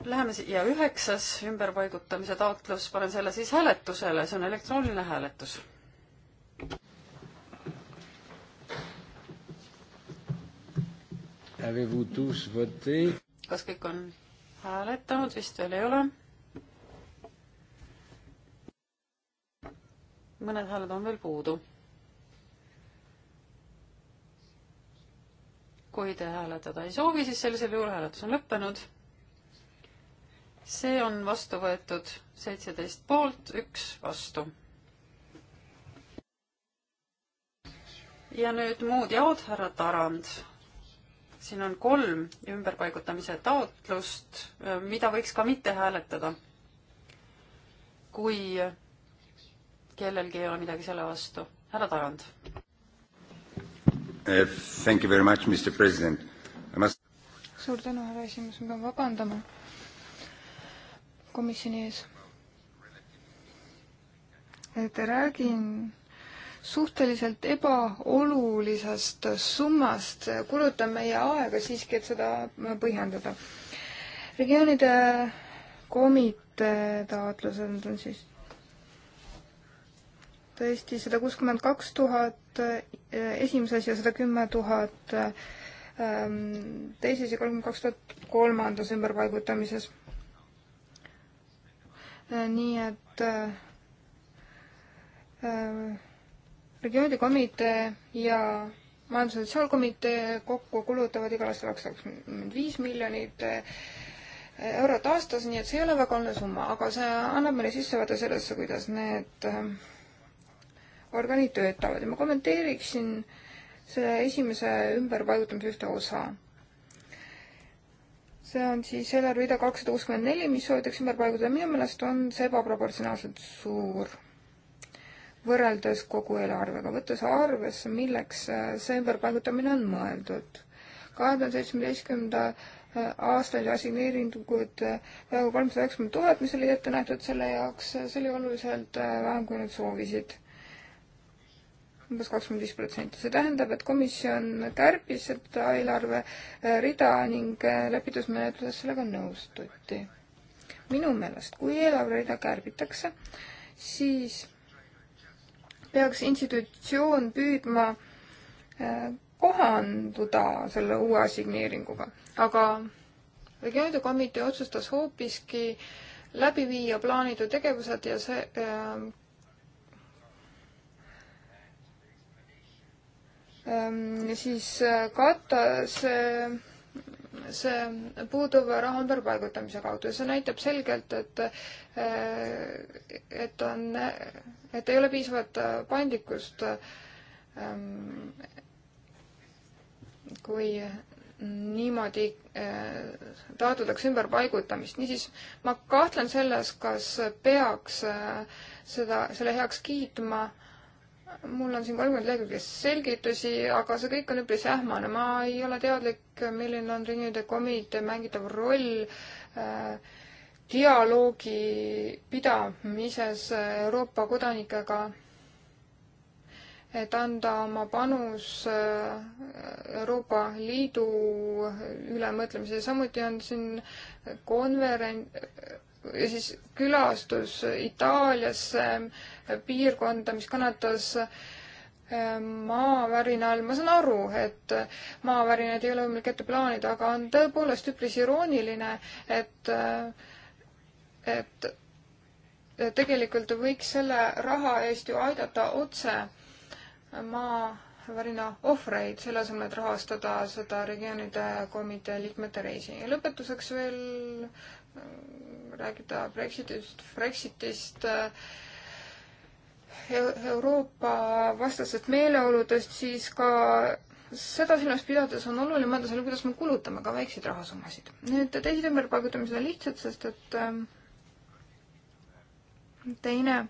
Läheme si- ja üheksas ümberpaigutamise taotlus, panen selle siis hääletusele, see on elektrooniline hääletus Avez-vous tous voté kas kõik on hääletanud, vist veel ei ole. mõned hääled on veel puudu. kui te hääletada ei soovi, siis sellisel juhul hääletus on lõppenud. see on vastu võetud seitseteist poolt, üks vastu ja nüüd muud jaod, härra Tarand siin on kolm ümberpaigutamise taotlust, mida võiks ka mitte hääletada, kui kellelgi ei ole midagi selle vastu. härra Tarand. Eh, thank you very much, Mr President. Must... suur tänu, härra esimees, ma pean vabandama komisjoni ees. et räägin suhteliselt ebaolulisest summast, kulutan meie aega siiski, et seda põhjendada. regioonide komitee taotlused on siis tõesti sada kuuskümmend kaks tuhat esimeses ja sada kümme tuhat ähm, teises ja kolmkümmend kaks tuhat kolmandas ümberpaigutamises. Äh, nii et äh, äh regioonide komitee ja majandus- ja sotsiaalkomitee kokku kulutavad igal aastal kakskümmend viis miljonit eh, eurot aastas, nii et see ei ole väga oluline summa, aga see annab meile sissevaate sellesse, kuidas need eh, organid töötavad ja ma kommenteeriksin selle esimese ümberpaigutamise ühte osa. see on siis eelarverida kakssada kuuskümmend neli, mis soovitakse ümber paigutada, minu meelest on see ebaproportsionaalselt suur võrreldes kogu eelarvega, võttes arvesse, milleks äh, see ümberpaigutamine on mõeldud. kahe tuhande seitsmeteistkümnenda äh, aasta oli assigneeringud peaaegu äh, kolmsada üheksakümmend tuhat, mis oli ette nähtud selle jaoks, see oli oluliselt vähem, kui nad soovisid. umbes kakskümmend viis protsenti, see tähendab, et komisjon kärbis seda eelarve rida ning lepitusmenetluses sellega nõustuti. minu meelest, kui eelarverida kärbitakse, siis peaks institutsioon püüdma äh, kohanduda selle uue assigneeringuga, aga regioonide komitee otsustas hoopiski läbi viia plaanitud tegevused ja see äh, ähm, ähm, siis katas äh, äh see puuduv raha ümberpaigutamise kaudu ja see näitab selgelt, et et on, et ei ole piisavat paindlikkust, ähm, kui niimoodi äh, taotletakse ümberpaigutamist. niisiis, ma kahtlen selles, kas peaks äh, seda, selle heaks kiitma mul on siin kolmkümmend lehekülge selgitusi, aga see kõik on üpris ähmane. ma ei ole teadlik, milline on Renewde komitee mängitav roll äh, dialoogi pidamises Euroopa kodanikega, et anda oma panus äh, Euroopa Liidu ülemõtlemisele. samuti on siin konverent-, ja siis külastus Itaaliasse, piirkonda, mis kannatas ehm, maavärina all, ma saan aru, et maavärinaid ei ole võimalik ette plaanida, aga on tõepoolest üpris irooniline, et, et tegelikult võiks selle raha eest ju aidata otse maavärina ohvreid, selle asemel, et rahastada seda regioonide komitee liikmete reisi. ja lõpetuseks veel rääkida Brexitist, Brexitist, äh, Euroopa vastasest meeleoludest, siis ka seda silmas pidades on oluline mõelda selle, kuidas me kulutame ka väikseid rahasummasid. nüüd teised ümberpaigutamised on lihtsad, sest et ähm, teine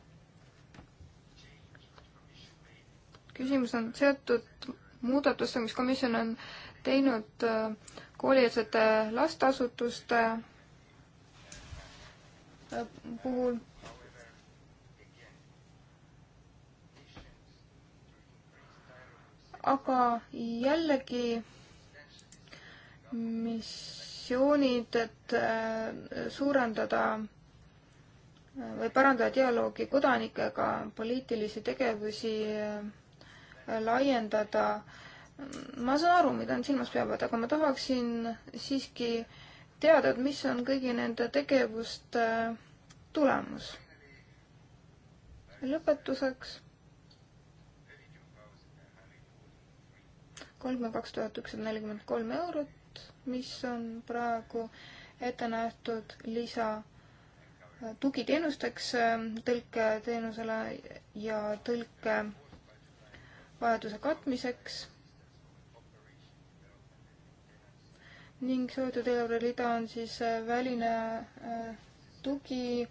küsimus on seotud muudatustega, mis komisjon on teinud äh, koolieelsete lasteasutuste puhul. aga jällegi missioonid, et äh, suurendada äh, või parandada dialoogi kodanikega, poliitilisi tegevusi äh, laiendada. ma saan aru, mida nad silmas peavad, aga ma tahaksin siiski teada, et mis on kõigi nende tegevuste äh, tulemus. lõpetuseks. kolmkümmend kaks tuhat ükssada nelikümmend kolm eurot, mis on praegu ette nähtud lisa äh, tugiteenusteks äh, tõlketeenusele ja tõlke vajaduse katmiseks ning seotud eelarverida on siis äh, väline äh, tugi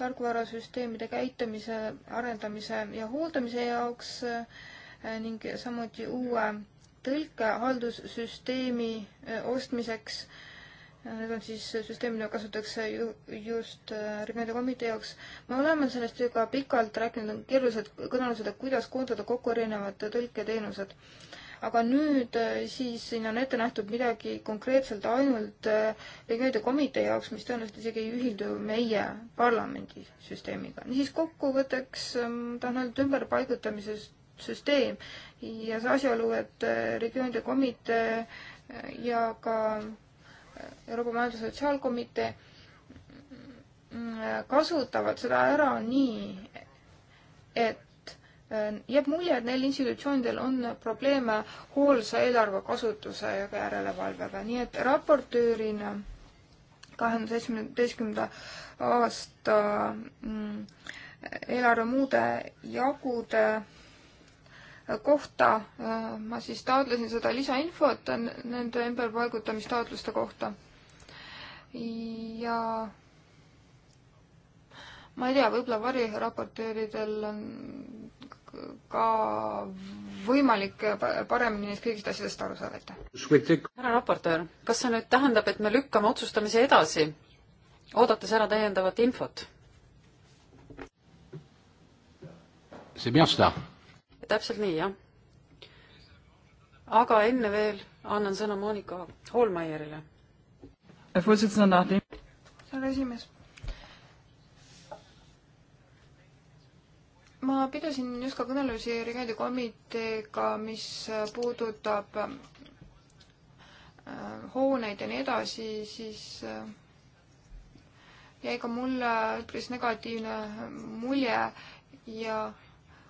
tarkvarasüsteemide käitamise, arendamise ja hooldamise jaoks äh, ning samuti uue tõlkehaldussüsteemi äh, ostmiseks. Äh, need on siis süsteemid, mida kasutatakse ju, just Regionaalide Komitee jaoks. me oleme sellest ju ka pikalt rääkinud, on keeruliselt kõnelused, et kuidas koondada kokku erinevad tõlketeenused aga nüüd äh, siis siin on ette nähtud midagi konkreetselt ainult äh, regioonide komitee jaoks, mis tõenäoliselt isegi ei ühildu meie parlamendi süsteemiga. niisiis kokkuvõtteks ähm, tahan öelda ümberpaigutamise süsteem ja see asjaolu, et äh, regioonide komitee ja ka Euroopa Majandus- ja Sotsiaalkomitee kasutavad seda ära nii, et Äh, jääb mulje, et neil institutsioonidel on probleeme hoolsa eelarve kasutuse ja ka järelevalvega, nii et raportöörina kahe tuhande seitsmeteistkümnenda aasta mm, eelarve muude jagude kohta äh, ma siis taotlesin seda lisainfot nende ümberpaigutamistaotluste kohta. ja ma ei tea, võib-olla variraportööridel on ka võimalik paremini neist kõigist asjadest aru saada, aitäh. härra raportöör, kas see nüüd tähendab, et me lükkame otsustamise edasi, oodates ära täiendavat infot? täpselt nii, jah. aga enne veel annan sõna Monika Hoolmeierile. härra esimees ma pidasin just ka kõnelusi Riigikogu komiteega, mis puudutab äh, hooneid ja nii edasi, siis äh, jäi ka mulle üpris negatiivne mulje ja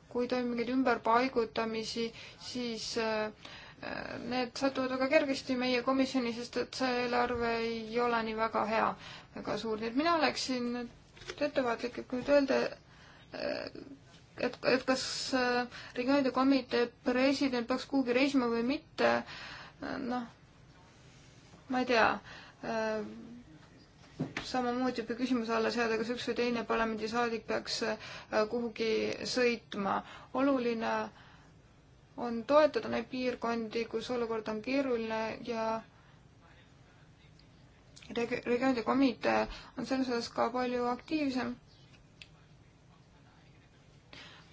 kui toimub mingeid ümberpaigutamisi, siis äh, need satuvad väga kergesti meie komisjoni, sest et see eelarve ei ole nii väga hea, väga suur, nii et mina oleksin ettevaatlik, et kui nüüd öelda, et, et kas äh, regionaalide komitee president peaks kuhugi reisima või mitte, äh, noh, ma ei tea, äh, samamoodi võib ju küsimuse alla seada, kas üks või teine parlamendisaadik peaks kuhugi sõitma. oluline on toetada neid piirkondi, kus olukord on keeruline ja reg-, regioonide komitee on selles osas ka palju aktiivsem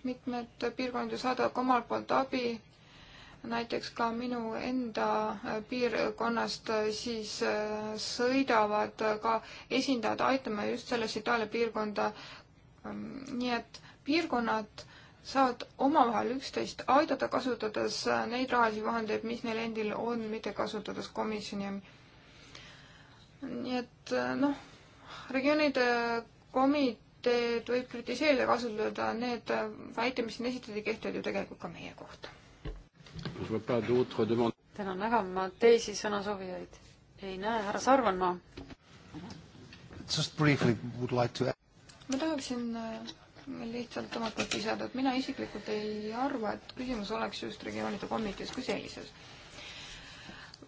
mitmed piirkonnad ju saadavad ka omalt poolt abi, näiteks ka minu enda äh, piirkonnast äh, siis äh, sõidavad ka esindajad aitama just sellesse Itaalia piirkonda. Ähm, nii et piirkonnad saavad omavahel üksteist aidata, kasutades neid rahalisi vahendeid, mis neil endil on, mitte kasutades komisjoni. nii et noh, regioonide komit-, väiteid võib kritiseerida, kasutada need äh, väited, mis siin esitati, kehtivad ju tegelikult ka meie kohta. tänan väga, ma teisi sõnasoovijaid ei näe, härra Sarvanmaa. ma tahaksin äh, lihtsalt omalt poolt lisada, et mina isiklikult ei arva, et küsimus oleks just regioonide komitees kui sellises,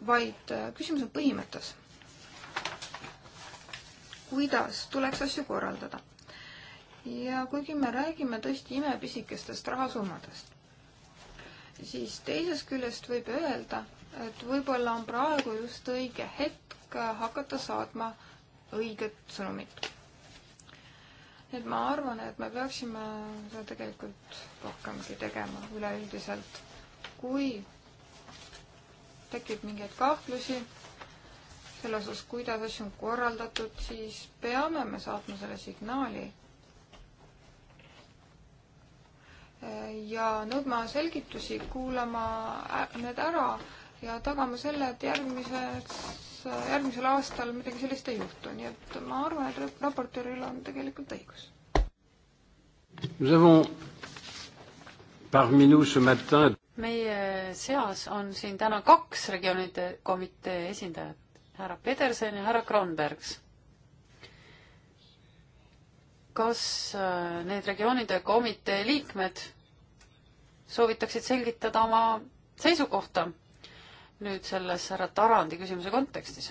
vaid äh, küsimus on põhimõttes. kuidas tuleks asju korraldada? ja kuigi me räägime tõesti imepisikestest rahasummadest, siis teisest küljest võib öelda, et võib-olla on praegu just õige hetk hakata saatma õiget sõnumit. et ma arvan, et me peaksime seda tegelikult rohkemgi tegema üleüldiselt. kui tekib mingeid kahtlusi selles osas, kuidas asju on korraldatud, siis peame me saatma selle signaali ja nõudma selgitusi, kuulama need ära ja tagama selle, et järgmises, järgmisel aastal midagi sellist ei juhtu, nii et ma arvan, et raportööril on tegelikult õigus. meie seas on siin täna kaks regioonide komitee esindajat, härra Pedersen ja härra Kronbergs kas äh, need regioonide komitee liikmed soovitaksid selgitada oma seisukohta nüüd selles härra Tarandi küsimuse kontekstis?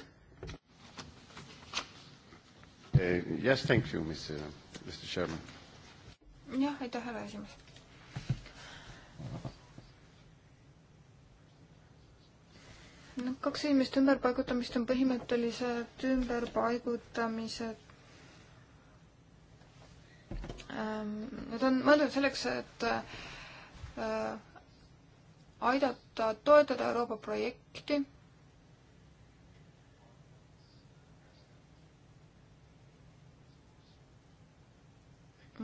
Eh, yes, thank you, Mr, uh, Mr Chairman. jah, aitäh, härra esimees. kaks inimest ümberpaigutamist on põhimõtteliselt ümberpaigutamised Ähm, need on mõeldud selleks, et äh, aidata toetada Euroopa projekti.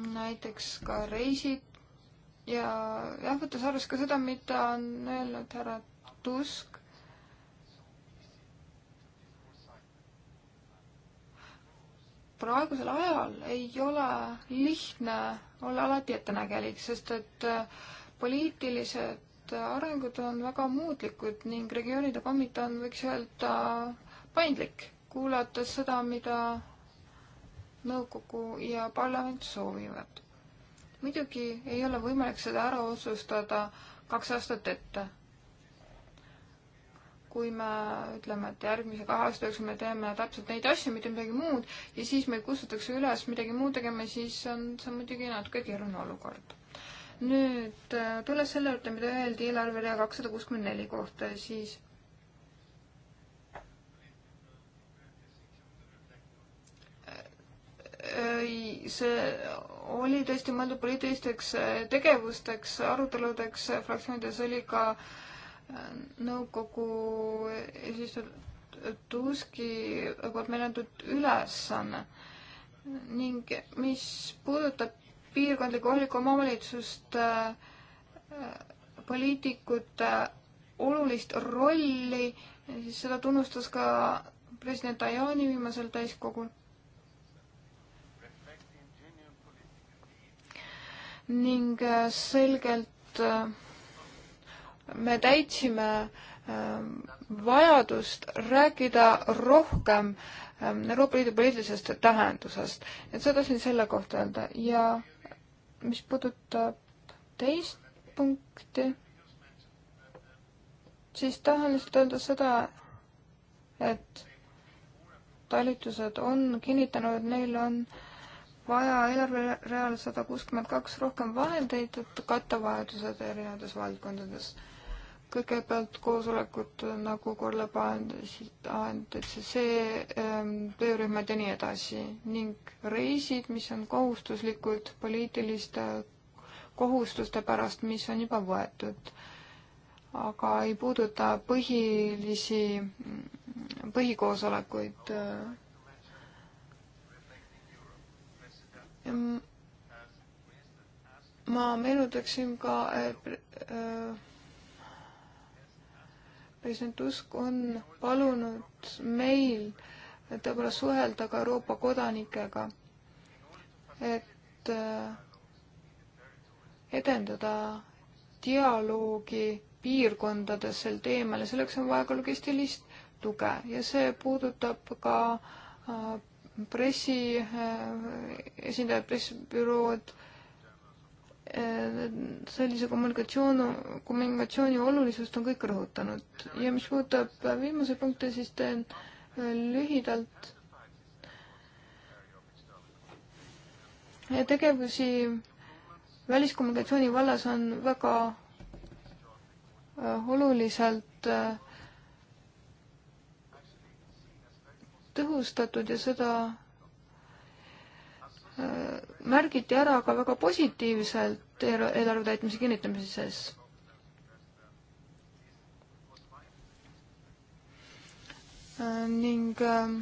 näiteks ka reisid ja jah, võttes arvesse ka seda, mida on öelnud härra Tusk, praegusel ajal ei ole lihtne olla alati ettenägelik, sest et äh, poliitilised arengud on väga muutlikud ning regioonide komitee on, võiks öelda, paindlik, kuulates seda, mida nõukogu ja parlament soovivad. muidugi ei ole võimalik seda ära otsustada kaks aastat ette kui me ütleme, et järgmise kahe aasta jooksul me teeme täpselt neid asju, mitte midagi muud, ja siis meid kutsutakse üles midagi muud tegema, siis on see muidugi natuke keeruline olukord. nüüd äh, tulles selle juurde, mida öeldi eelarverea kakssada kuuskümmend neli kohta, siis see oli tõesti mõeldud poliitilisteks äh, tegevusteks, aruteludeks äh, fraktsioonides, oli ka äh, nõukogu eesistuja Tuski poolt meile antud ülesanne ning mis puudutab piirkondlikku kohalikku omavalitsust äh, poliitikute olulist rolli, siis seda tunnustas ka president Tajani viimasel täiskogul. ning äh, selgelt äh, me täitsime ähm, vajadust rääkida rohkem ähm, Euroopa Liidu poliitilisest tähendusest. et seda siin selle kohta öelda ja mis puudutab teist punkti, siis tahan lihtsalt öelda seda, et talitused on kinnitanud, et neil on vaja eelarvereal sada kuuskümmend kaks rohkem vahendeid, et katta vajadused erinevates valdkondades kõigepealt koosolekut nagu korraleb ANTCC ähm, töörühmad ja nii edasi ning reisid, mis on kohustuslikud poliitiliste kohustuste pärast, mis on juba võetud. aga ei puuduta põhilisi, mm, põhikoosolekuid. Äh, mm, ma meenutaksin ka, et äh, president Tusk on palunud meil tõepoolest suhelda ka Euroopa kodanikega, et äh, edendada dialoogi piirkondades sel teemal ja selleks on vaja ka logistilist tuge ja see puudutab ka äh, pressi äh, esindajad, pressibürood, Äh, sellise kommunikatsioon, kommunikatsiooni olulisust on kõik rõhutanud ja mis puudutab viimase punkti, siis teen äh, lühidalt ja tegevusi väliskommunikatsiooni vallas on väga äh, oluliselt tõhustatud ja seda märgiti ära ka väga positiivselt eelarve täitmise kinnitamises. ning äh,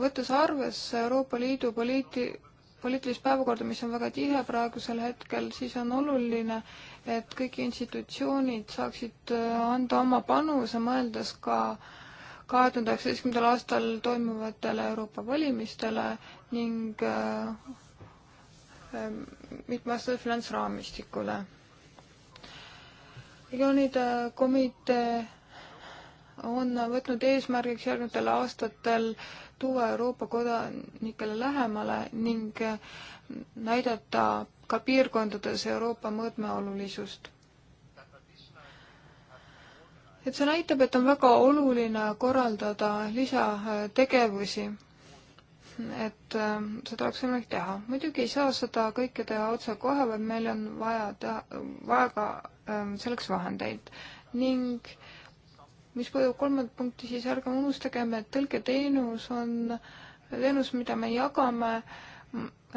võttes arvesse Euroopa Liidu poliiti-, poliitilist päevakorda, mis on väga tihe praegusel hetkel, siis on oluline, et kõik institutsioonid saaksid äh, anda oma panuse, mõeldes ka äh, kahe tuhande üheksateistkümnendal aastal toimuvatele Euroopa valimistele ning äh, ähm, mitmeaastasele finantsraamistikule. regioonide komitee on võtnud eesmärgiks järgnevatel aastatel tuua Euroopa kodanikele lähemale ning äh, näidata ka piirkondades Euroopa mõõtme olulisust et see näitab, et on väga oluline korraldada lisategevusi, et ähm, seda oleks võimalik teha. muidugi ei saa seda kõike teha otsekohe, vaid meil on vaja teha, vaja ka ähm, selleks vahendeid ning mis puudutab kolmandat punkti, siis ärgem unustagem, et tõlketeenus on teenus, mida me jagame äh,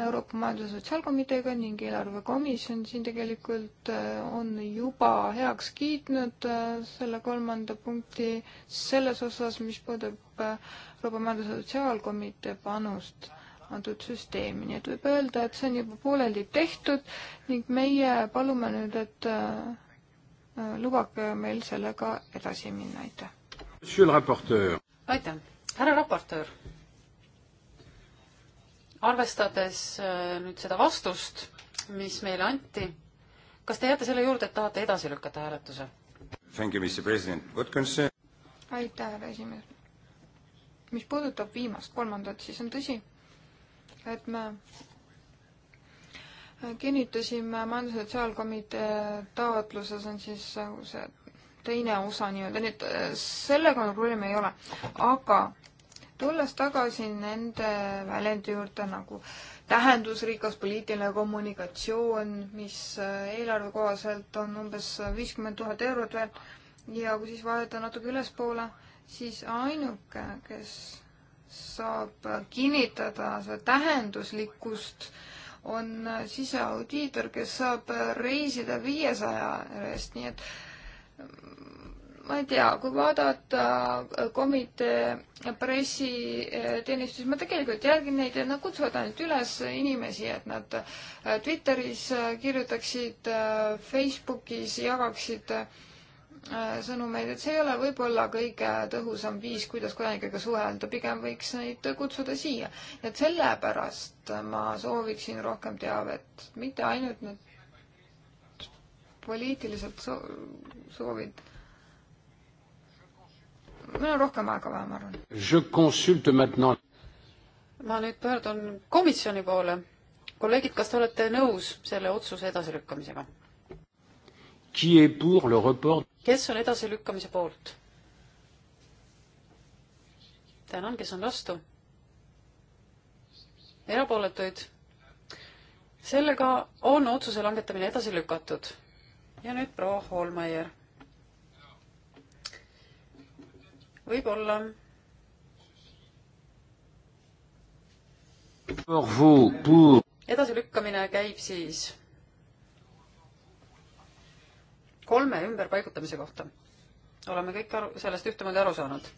Euroopa Majandus- ja Sotsiaalkomiteega ning eelarvekomisjon siin tegelikult äh, on juba heaks kiitnud äh, selle kolmanda punkti selles osas, mis puudutab äh, Euroopa Majandus- ja Sotsiaalkomitee panust antud süsteemi, nii et võib öelda, et see on juba pooleldi tehtud ning meie palume nüüd, et lubage meil sellega edasi minna, aitäh. aitäh, härra raportöör arvestades äh, nüüd seda vastust, mis meile anti, kas te jääte selle juurde, et tahate edasi lükata hääletuse? aitäh, härra esimees. mis puudutab viimast, kolmandat, siis on tõsi, et me kinnitasime Majandus- ja Sotsiaalkomitee taotluses on siis see teine osa nii-öelda, nii et äh, sellega probleemi ei ole, aga tulles tagasi nende väljendi juurde nagu tähendusrikas poliitiline kommunikatsioon, mis äh, eelarve kohaselt on umbes viiskümmend tuhat eurot väärt ja kui siis vaadata natuke ülespoole, siis ainuke, kes saab kinnitada seda tähenduslikkust, on siseaudiitor, kes saab reisida viiesaja eest, nii et ma ei tea, kui vaadata äh, komitee pressiteenistus, ma tegelikult järgin neid ja nad kutsuvad ainult üles inimesi, et nad äh, Twitteris äh, kirjutaksid, Facebookis jagaksid sõnumeid, et see ei ole võib-olla kõige tõhusam viis, kuidas kodanikega suhelda, pigem võiks neid kutsuda siia. et sellepärast ma sooviksin rohkem teavet, mitte ainult need poliitiliselt soovid mul on rohkem aega vaja, ma arvan. ma nüüd pöördun komisjoni poole. kolleegid, kas te olete nõus selle otsuse edasilükkamisega? kes on edasilükkamise poolt? tänan, kes on vastu? erapooletuid? sellega on otsuse langetamine edasi lükatud. ja nüüd proua Holmeier võib-olla edasilükkamine käib siis kolme ümberpaigutamise kohta. oleme kõik aru, sellest ühtemoodi aru saanud.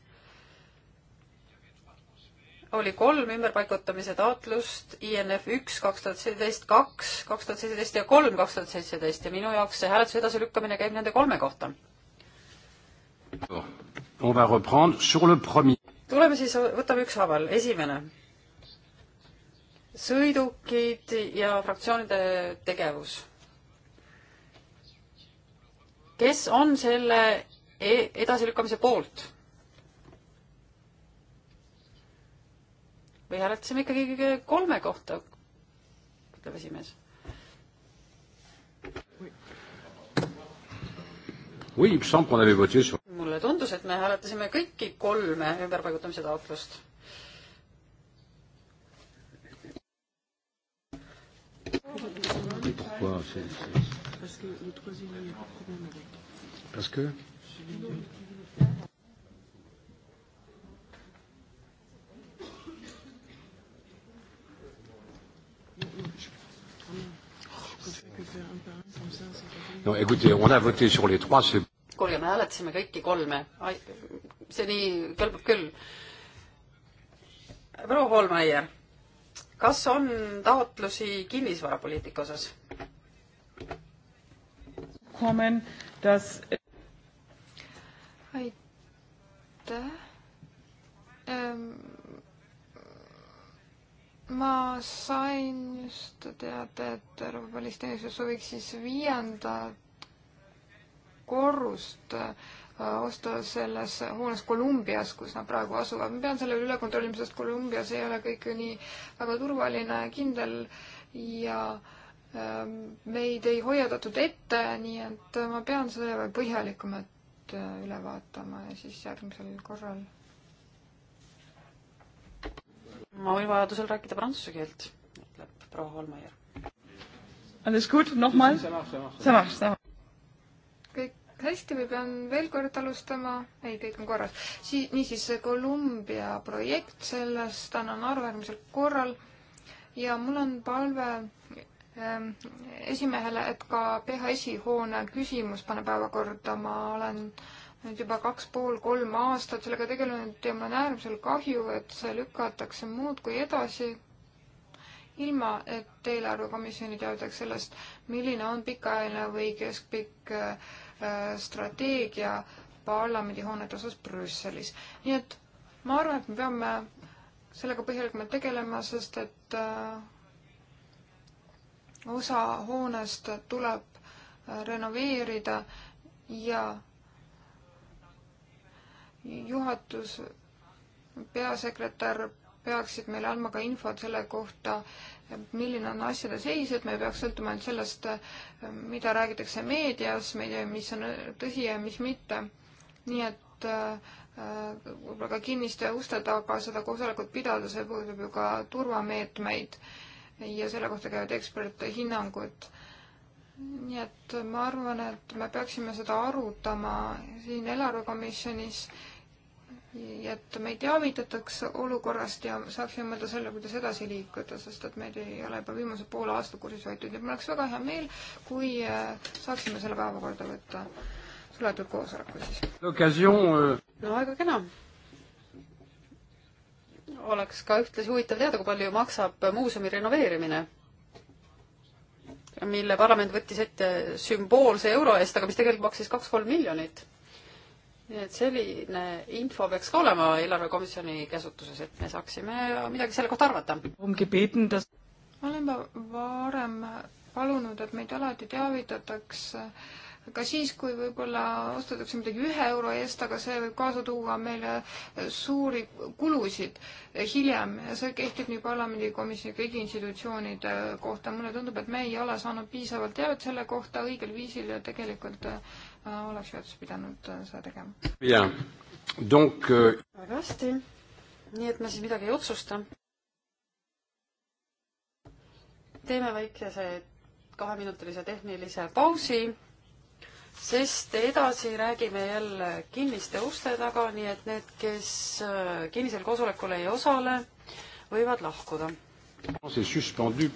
oli kolm ümberpaigutamise taotlust, INF üks, kaks tuhat seitseteist, kaks, kaks tuhat seitseteist ja kolm, kaks tuhat seitseteist ja minu jaoks see hääletuse edasilükkamine käib nende kolme kohta tuleme siis, võtame ükshaaval, esimene. sõidukid ja fraktsioonide tegevus. kes on selle e-, edasilükkamise poolt? või hääletasime ikkagi kolme kohta, ütleb esimees mulle tundus, et me hääletasime kõiki kolme ümberpaigutamise taotlust Pourquoi c'est, c'est... Parce que le troisième, il n'y a pas de problème avec. Parce que Non, écoutez, on a voté sur les trois. C'est kuulge, me hääletasime kõiki kolme. see nii kõlbab küll. proua Poolmeier, kas on taotlusi kinnisvarapoliitika osas? aitäh ähm, ma sain just teada, et Euroopa Välisteenistus sooviks siis viiendat korrust äh, osta selles hoones Kolumbias, kus nad praegu asuvad. ma pean selle üle kontrollima, sest Kolumbias ei ole kõik ju nii väga turvaline ja kindel ja ähm, meid ei hoiatatud ette, nii et ma pean selle veel põhjalikumalt äh, üle vaatama ja siis järgmisel korral. ma võin vajadusel rääkida prantsuse keelt, ütleb proua Holmeier. Alles gut, nochmal? Samach, samach hästi või pean veel kord alustama? ei, kõik on korras. Sii-, niisiis, Kolumbia projekt, sellest annan aru järgmisel korral ja mul on palve ähm, esimehele, et ka PHS-i hoone küsimus pane päevakorda, ma olen nüüd juba kaks pool kolm aastat sellega tegelenud ja mul on äärmiselt kahju, et see lükatakse muudkui edasi, ilma et eelarvekomisjoni teadaks sellest, milline on pikaajaline või keskpikk äh, strateegia parlamendihoonete osas Brüsselis. nii et ma arvan, et me peame sellega põhjalikumalt tegelema, sest et äh, osa hoonest tuleb äh, renoveerida ja juhatus, peasekretär peaksid meile andma ka infot selle kohta, milline on asjade seis, et me ei peaks sõltuma ainult sellest, mida räägitakse meedias, ma ei tea, mis on tõsi ja mis mitte. nii et äh, võib-olla ka kinniste uste taga seda koosolekut pidada, see puudutab ju ka turvameetmeid ja selle kohta käivad eksperthinnangud. nii et ma arvan, et me peaksime seda arutama siin eelarvekomisjonis ja et meid teavitatakse olukorrast ja saaksime mõelda selle, kuidas edasi liikuda, sest et meid ei ole juba viimase poole aasta kursis hoitud ja mul oleks väga hea meel, kui äh, saaksime selle päevakorda võtta suletud koosolekul siis. Euh, no väga kena. oleks ka ühtlasi huvitav teada, kui palju maksab muuseumi renoveerimine mille parlament võttis ette sümboolse euro eest, aga mis tegelikult maksis kaks-kolm miljonit nii et selline info peaks ka olema eelarvekomisjoni käsutuses, et me saaksime midagi selle kohta arvata. ongi pidnud. me oleme varem palunud, et meid alati teavitataks ka siis, kui võib-olla ostetakse midagi ühe euro eest, aga see võib kaasa tuua meile suuri kulusid hiljem ja see kehtib nii parlamendikomisjoni, kõigi institutsioonide kohta. mulle tundub, et me ei ole saanud piisavalt teavet selle kohta õigel viisil ja tegelikult äh, Äh, oleks juhatus pidanud äh, seda tegema. jaa, donc euh, väga hästi, nii et me siis midagi ei otsusta. teeme väikese kaheminutilise tehnilise pausi, sest edasi räägime jälle kinniste uste taga, nii et need, kes äh, kinnisel koosolekul ei osale, võivad lahkuda. see suspendu